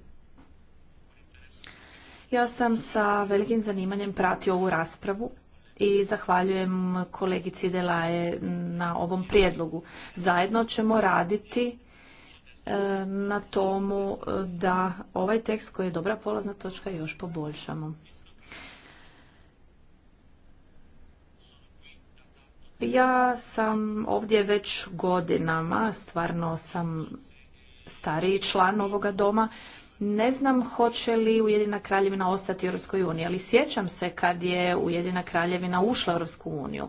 Ja sam sa velikim zanimanjem pratio ovu raspravu i zahvaljujem kolegici Delaje na ovom prijedlogu. Zajedno ćemo raditi e, na tomu da ovaj tekst koji je dobra polazna točka još poboljšamo. Ja sam ovdje već godinama, stvarno sam stariji član ovoga doma. Ne znam hoće li Ujedina kraljevina ostati u Europskoj uniji, ali sjećam se kad je Ujedina kraljevina ušla u Europsku uniju.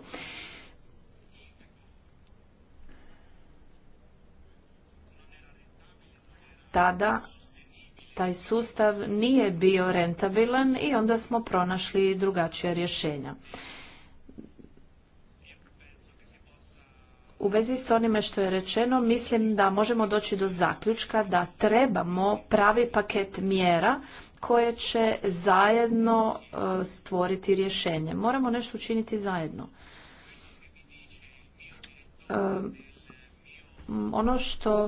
Tada taj sustav nije bio rentabilan i onda smo pronašli drugačija rješenja. U vezi s onime što je rečeno, mislim da možemo doći do zaključka da trebamo pravi paket mjera koje će zajedno e, stvoriti rješenje. Moramo nešto učiniti zajedno. E, ono što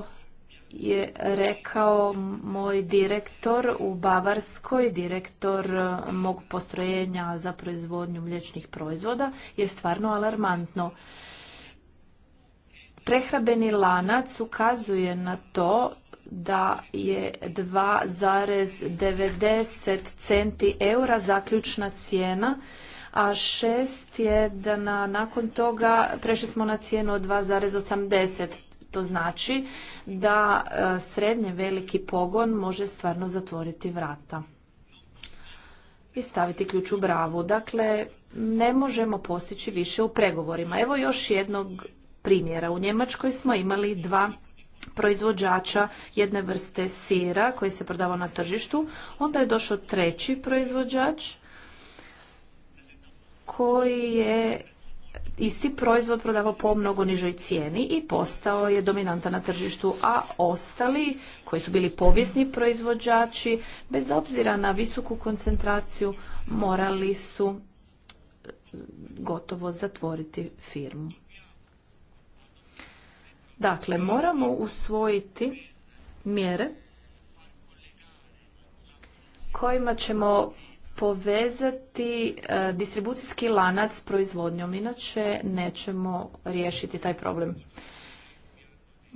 je rekao moj direktor u Bavarskoj, direktor e, mog postrojenja za proizvodnju mliječnih proizvoda, je stvarno alarmantno. Prehrabeni lanac ukazuje na to da je 2,90 centi eura zaključna cijena, a šest je da nakon toga prešli smo na cijenu od 2,80. To znači da e, srednje veliki pogon može stvarno zatvoriti vrata i staviti ključ u bravu. Dakle, ne možemo postići više u pregovorima. Evo još jednog primjera. U Njemačkoj smo imali dva proizvođača jedne vrste sira koji se prodavao na tržištu. Onda je došao treći proizvođač koji je isti proizvod prodavao po mnogo nižoj cijeni i postao je dominanta na tržištu, a ostali koji su bili povijesni proizvođači, bez obzira na visoku koncentraciju, morali su gotovo zatvoriti firmu. Dakle, moramo usvojiti mjere kojima ćemo povezati e, distribucijski lanac s proizvodnjom. Inače, nećemo riješiti taj problem.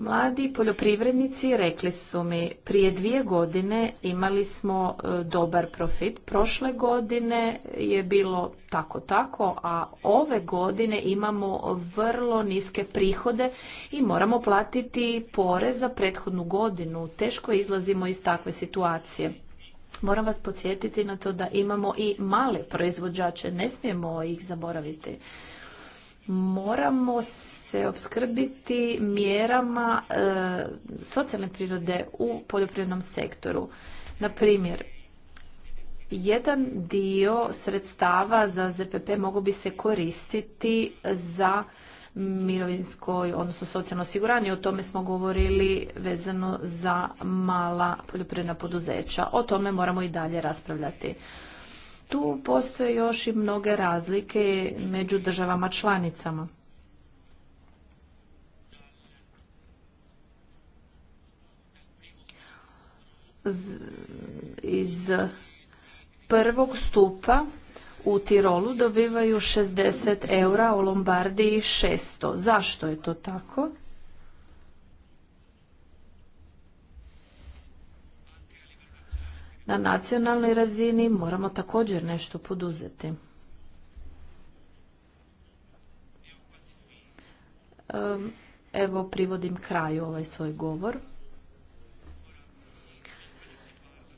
Mladi poljoprivrednici rekli su mi prije dvije godine imali smo e, dobar profit, prošle godine je bilo tako tako, a ove godine imamo vrlo niske prihode i moramo platiti porez za prethodnu godinu. Teško izlazimo iz takve situacije. Moram vas podsjetiti na to da imamo i male proizvođače, ne smijemo ih zaboraviti moramo se obskrbiti mjerama e, socijalne prirode u poljoprivrednom sektoru. Na primjer, jedan dio sredstava za ZPP mogu bi se koristiti za mirovinsko, odnosno socijalno osiguranje. O tome smo govorili vezano za mala poljoprivredna poduzeća. O tome moramo i dalje raspravljati. Tu postoje još i mnoge razlike među državama članicama. iz prvog stupa u Tirolu dobivaju 60 eura, u Lombardiji 600. Zašto je to tako? Na nacionalnoj razini moramo također nešto poduzeti. Evo privodim kraju ovaj svoj govor.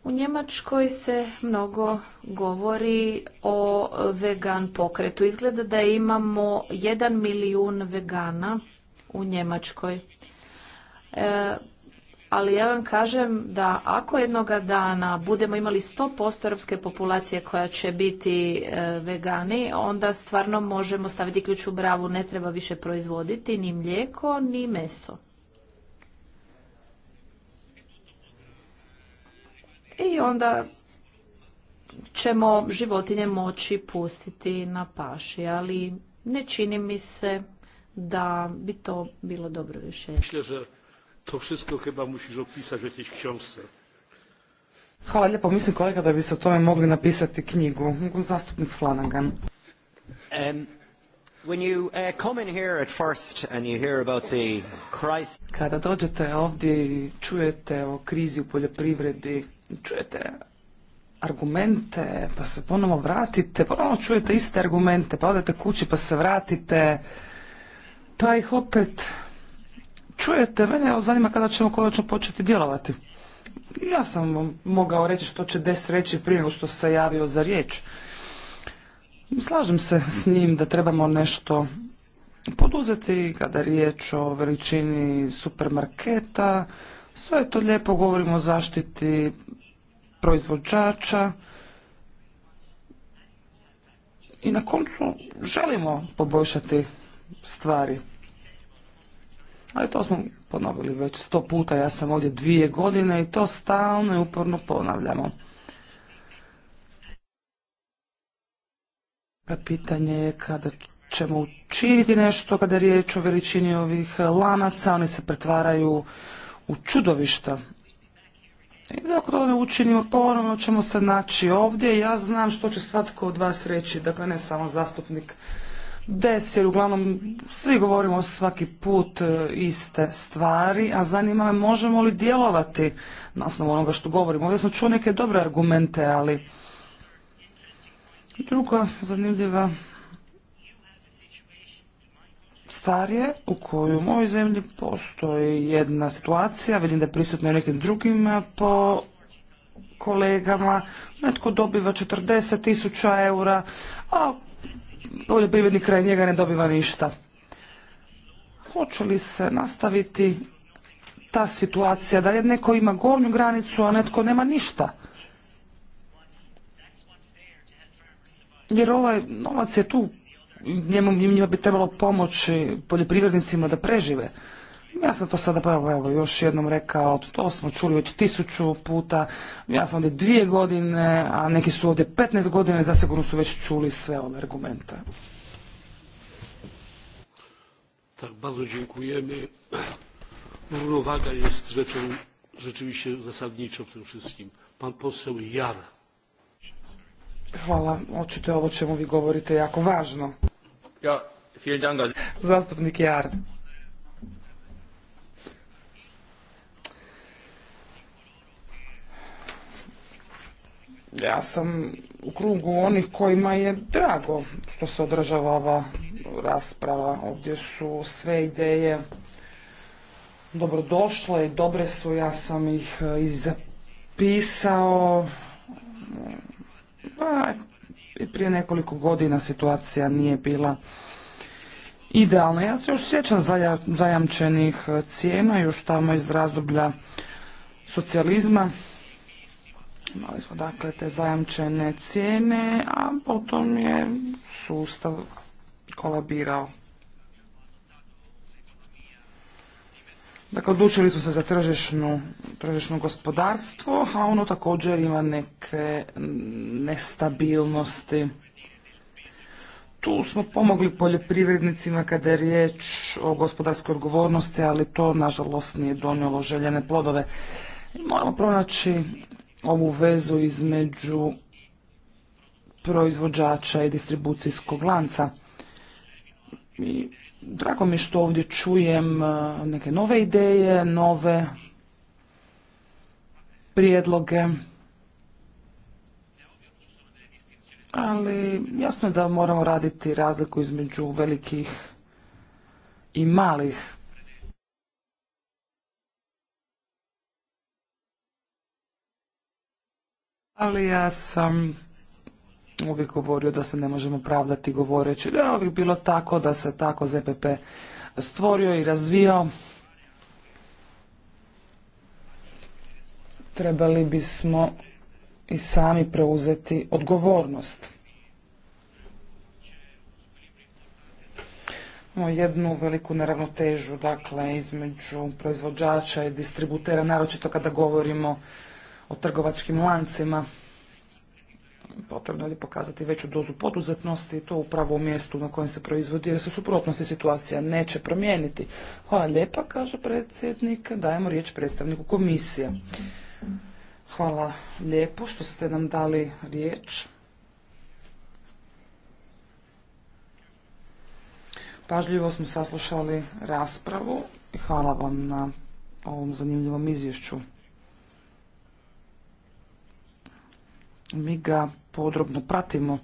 U Njemačkoj se mnogo govori o vegan pokretu. Izgleda da imamo jedan milijun vegana u Njemačkoj. E, ali ja vam kažem da ako jednoga dana budemo imali 100% europske populacije koja će biti e, vegani, onda stvarno možemo staviti ključ u bravu, ne treba više proizvoditi ni mlijeko, ni meso. I onda ćemo životinje moći pustiti na paši, ali ne čini mi se da bi to bilo dobro rješenje. To wszystko chyba musisz opisać w jakiejś książce. Hvala lijepo. Mislim kolega da biste o tome mogli napisati knjigu. Zastupnik Flanagan. Um, when you uh, come in Kada dođete ovdje i čujete o krizi u poljoprivredi, čujete argumente, pa se ponovo vratite, ponovo čujete iste argumente, pa odete kući pa se vratite, pa ih opet Čujete, mene zanima kada ćemo konačno početi djelovati. Ja sam vam mogao reći što će des reći prije nego što se javio za riječ. Slažem se s njim da trebamo nešto poduzeti kada je riječ o veličini supermarketa. Sve je to lijepo, govorimo o zaštiti proizvođača. I na koncu želimo poboljšati stvari. Ali to smo ponovili već sto puta, ja sam ovdje dvije godine i to stalno i uporno ponavljamo. Pitanje je kada ćemo učiniti nešto kada je riječ o veličini ovih lanaca, oni se pretvaraju u čudovišta. I dok to ne učinimo, ponovno ćemo se naći ovdje. Ja znam što će svatko od vas reći, dakle ne samo zastupnik jer Uglavnom, svi govorimo svaki put e, iste stvari, a zanima me možemo li djelovati na osnovu onoga što govorimo. Ovdje sam čuo neke dobre argumente, ali druga zanimljiva stvar je u kojoj u mojoj zemlji postoji jedna situacija, vidim da je prisutna u nekim drugim e, po kolegama, netko dobiva 40 tisuća eura, a poljoprivrednik kraj njega ne dobiva ništa. Hoće li se nastaviti ta situacija da je neko ima gornju granicu, a netko nema ništa? Jer ovaj novac je tu, njima bi trebalo pomoći poljoprivrednicima da prežive. Ja sam to sada pravo evo, još jednom rekao, to smo čuli već tisuću puta, ja sam ovdje dvije godine, a neki su ovdje 15 godina i zasigurno su već čuli sve ove argumente. Tak, bardzo dziękujemy. Równowaga jest rzeczą rzeczywiście zasadniczą w tym wszystkim. Pan poseł Jar. Chwała. Oczywiście o czym čemu vi govorite jako ważno. Ja, vielen Dank. Zastupnik Jar. ja sam u krugu onih kojima je drago što se održava ova rasprava. Ovdje su sve ideje dobrodošle i dobre su. Ja sam ih e, i zapisao. prije nekoliko godina situacija nije bila idealna. Ja se još sjećam zajamčenih e, cijena još tamo iz razdoblja socijalizma. Imali smo dakle te zajamčene cijene, a potom je sustav kolabirao. Dakle, odlučili smo se za tržišnu, tržišno gospodarstvo, a ono također ima neke nestabilnosti. Tu smo pomogli poljoprivrednicima kada je riječ o gospodarskoj odgovornosti, ali to nažalost nije donijelo željene plodove. Moramo pronaći ovu vezu između proizvođača i distribucijskog lanca. I drago mi što ovdje čujem e, neke nove ideje, nove prijedloge. Ali jasno je da moramo raditi razliku između velikih i malih ali ja sam uvijek govorio da se ne možemo pravdati govoreći da je uvijek bilo tako, da se tako ZPP stvorio i razvijao. Trebali bismo i sami preuzeti odgovornost. jednu veliku neravnotežu, dakle, između proizvođača i distributera, naročito kada govorimo o trgovačkim lancima. Potrebno je pokazati veću dozu poduzetnosti i to upravo u mjestu na kojem se proizvodi, jer se suprotnosti situacija neće promijeniti. Hvala lijepa, kaže predsjednik. Dajemo riječ predstavniku komisije. Hvala lijepo što ste nam dali riječ. Pažljivo smo saslušali raspravu i hvala vam na ovom zanimljivom izvješću. Mi ga podrobno pratimo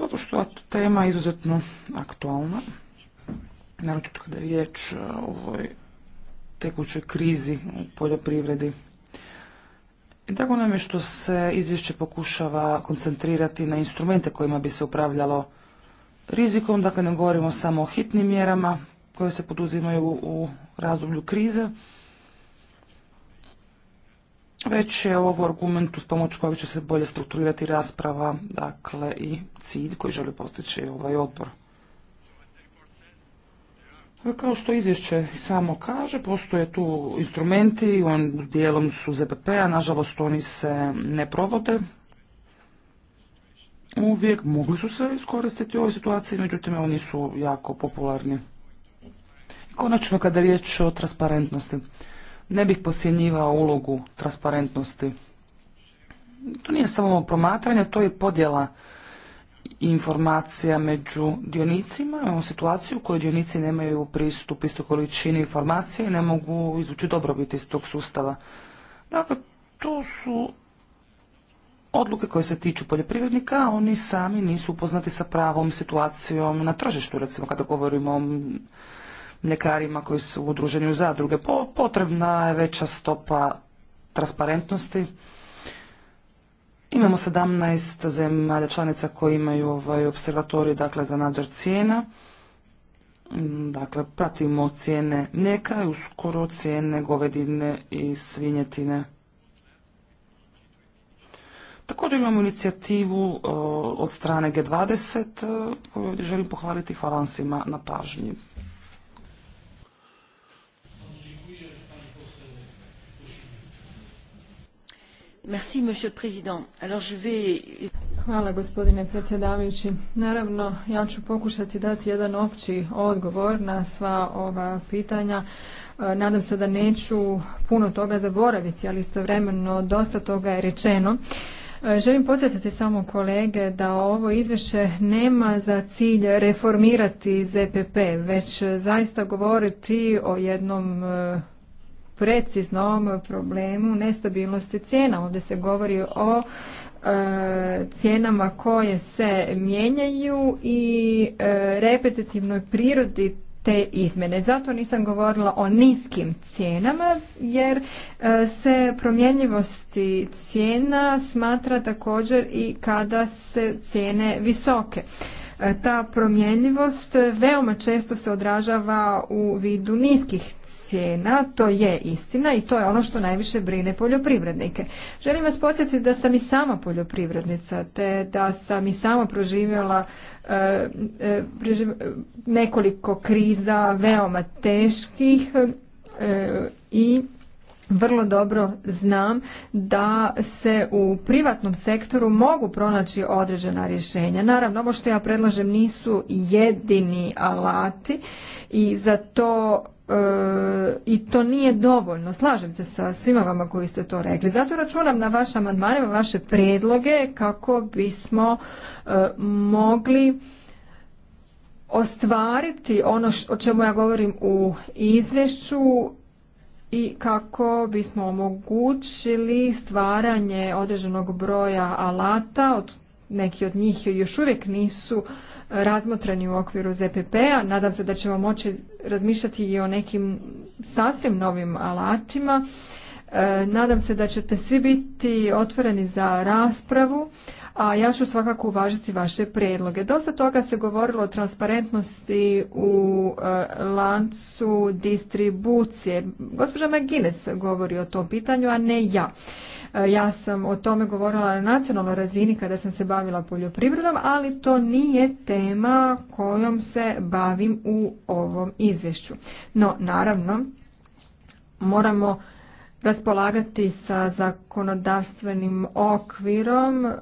zato što je tema izuzetno aktualna, naročito kada je riječ o ovoj tekućoj krizi u poljoprivredi. I drago nam je što se izvješće pokušava koncentrirati na instrumente kojima bi se upravljalo rizikom, dakle ne govorimo samo o hitnim mjerama koje se poduzimaju u razdoblju krize, već je ovo argumentu uz pomoć kojeg će se bolje strukturirati rasprava, dakle i cilj koji želi postići ovaj odbor. Kao što izvješće samo kaže, postoje tu instrumenti, on dijelom su ZPP-a, nažalost oni se ne provode. Uvijek mogli su se iskoristiti u ovoj situaciji, međutim oni su jako popularni. Konačno kada je riječ o transparentnosti. Ne bih podcjenjivao ulogu transparentnosti. To nije samo promatranje, to je podjela informacija među dionicima. Imamo situaciju u kojoj dionici nemaju pristup isto količini informacije i ne mogu izvući dobrobit iz tog sustava. Dakle, to su odluke koje se tiču poljoprivrednika, a oni sami nisu upoznati sa pravom situacijom na tržištu, recimo kada govorimo o mljekarima koji su udruženi u zadruge. Potrebna je veća stopa transparentnosti. Imamo 17 zemalja članica koji imaju ovaj observatorij dakle, za nadzor cijena. Mm, dakle, pratimo cijene mlijeka i uskoro cijene govedine i svinjetine. Također imamo inicijativu od strane G20 e, koju ovdje želim pohvaliti. Hvala vam svima na pažnji. Hvala gospodine predsjedavajući. Naravno, ja ću pokušati dati jedan opći odgovor na sva ova pitanja. E, nadam se da neću puno toga zaboraviti, ali istovremeno dosta toga je rečeno. E, želim podsjetiti samo kolege da ovo izvješće nema za cilj reformirati ZPP, već zaista govoriti o jednom e, preciznom problemu nestabilnosti cijena. Ovdje se govori o e, cijenama koje se mijenjaju i e, repetitivnoj prirodi te izmjene. Zato nisam govorila o niskim cijenama jer e, se promjenljivosti cijena smatra također i kada se cijene visoke. Ta promjenljivost veoma često se odražava u vidu niskih cijena, to je istina i to je ono što najviše brine poljoprivrednike. Želim vas podsjetiti da sam i sama poljoprivrednica, te da sam i sama proživjela e, e, nekoliko kriza veoma teških e, i vrlo dobro znam da se u privatnom sektoru mogu pronaći određena rješenja. Naravno, ovo što ja predlažem nisu jedini alati i za to i to nije dovoljno. Slažem se sa svima vama koji ste to rekli. Zato računam na vaše amandmane, vaše predloge kako bismo e, mogli ostvariti ono o čemu ja govorim u izvješću i kako bismo omogućili stvaranje određenog broja alata, neki od njih još uvijek nisu razmotreni u okviru ZPP-a. Nadam se da ćemo moći razmišljati i o nekim sasvim novim alatima. E, nadam se da ćete svi biti otvoreni za raspravu, a ja ću svakako uvažiti vaše prijedloge. Dosta toga se govorilo o transparentnosti u e, lancu distribucije. Gospođa Magines govori o tom pitanju, a ne ja. E, ja sam o tome govorila na nacionalnoj razini kada sam se bavila poljoprivredom, ali to nije tema kojom se bavim u ovom izvješću. No, naravno, moramo raspolagati sa zakonodavstvenim okvirom, e,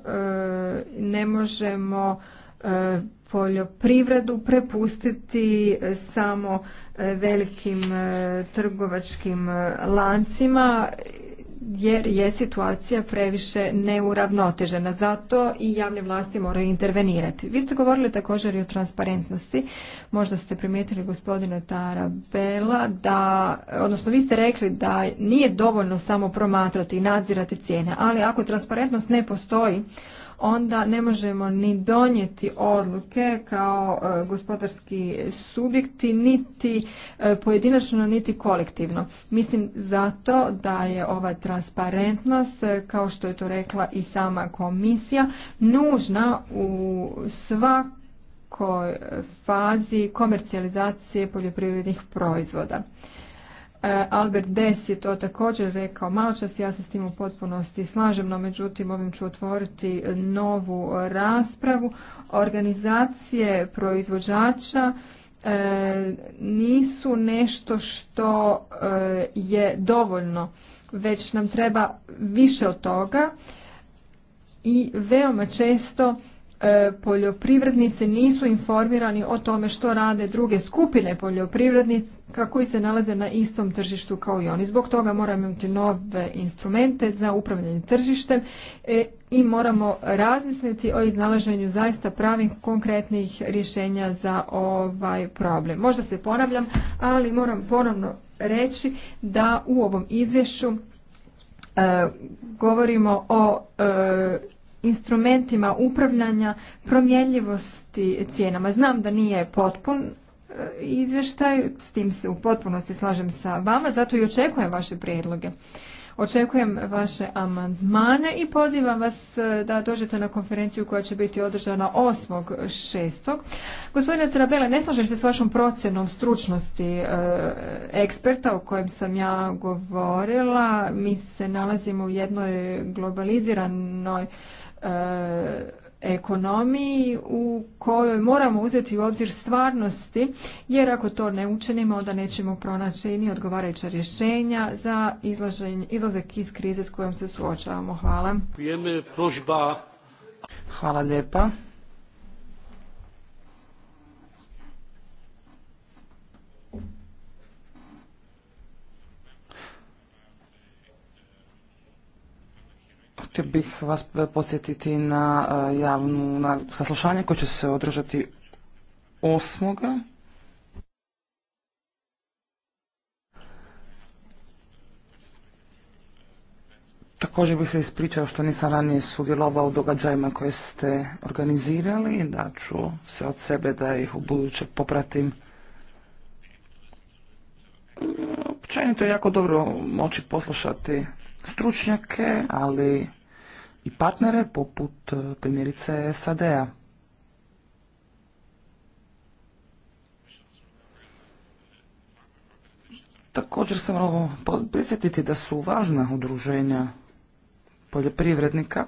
ne možemo e, poljoprivredu prepustiti e, samo velikim trgovačkim lancima jer je situacija previše neuravnotežena. Zato i javne vlasti moraju intervenirati. Vi ste govorili također i o transparentnosti. Možda ste primijetili gospodine Tarabela da, odnosno vi ste rekli da nije dovoljno samo promatrati i nadzirati cijene, ali ako transparentnost ne postoji, onda ne možemo ni donijeti odluke kao e, gospodarski subjekti niti e, pojedinačno niti kolektivno. Mislim zato da je ova transparentnost, e, kao što je to rekla i sama komisija, nužna u svakoj fazi komercijalizacije poljoprivrednih proizvoda. E, Albert Des je to također rekao malo čas, ja se s tim u potpunosti slažem, no međutim ovim ću otvoriti novu raspravu. Organizacije proizvođača e, nisu nešto što e, je dovoljno, već nam treba više od toga i veoma često E, poljoprivrednici nisu informirani o tome što rade druge skupine poljoprivrednika koji se nalaze na istom tržištu kao i oni. Zbog toga moramo imati nove instrumente za upravljanje tržištem e, i moramo razmisliti o iznalaženju zaista pravih konkretnih rješenja za ovaj problem. Možda se ponavljam, ali moram ponovno reći da u ovom izvješću e, govorimo o instrumentima upravljanja promjenljivosti cijenama. Znam da nije potpun e, izvještaj, s tim se u potpunosti slažem sa vama, zato i očekujem vaše prijedloge. Očekujem vaše amandmane i pozivam vas e, da dođete na konferenciju koja će biti održana 8.6. Gospodine Terabela, ne slažem se s vašom procjenom stručnosti e, eksperta o kojem sam ja govorila. Mi se nalazimo u jednoj globaliziranoj E, ekonomiji u kojoj moramo uzeti u obzir stvarnosti, jer ako to ne učinimo, onda nećemo pronaći ni odgovarajuća rješenja za izlazak iz krize s kojom se suočavamo. Hvala. Hvala lijepa. Htio bih vas podsjetiti na e, javnu na saslušanje koje će se održati osmoga. Također bih se ispričao što nisam ranije sudjelovao u događajima koje ste organizirali, da ću se od sebe da ih u buduće popratim. Općenito je jako dobro moći poslušati stručnjake, ali i partnere poput e, primjerice SAD-a. Također sam moramo prisjetiti da su važna udruženja poljoprivrednika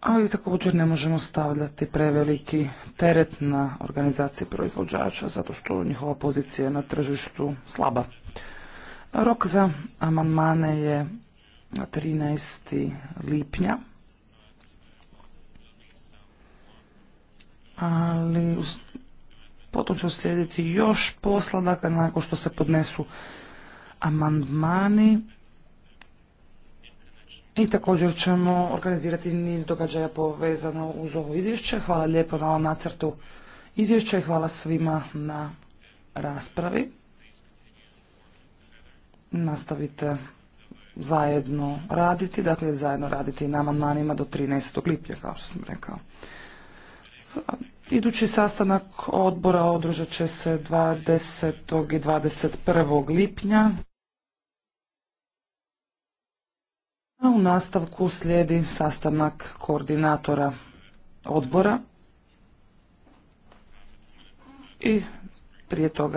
ali također ne možemo stavljati preveliki teret na organizacije proizvođača zato što njihova pozicija je na tržištu slaba. Rok za amandmane je 13. lipnja, ali potom će slijediti još posla, dakle nakon što se podnesu amandmani, i također ćemo organizirati niz događaja povezano uz ovo izvješće. Hvala lijepo na ovom nacrtu izvješća i hvala svima na raspravi. Nastavite zajedno raditi, dakle zajedno raditi i na amandmanima do 13. lipnja, kao što sam rekao. idući sastanak odbora održat će se 20. i 21. lipnja. A u nastavku slijedi sastanak koordinatora odbora i prije toga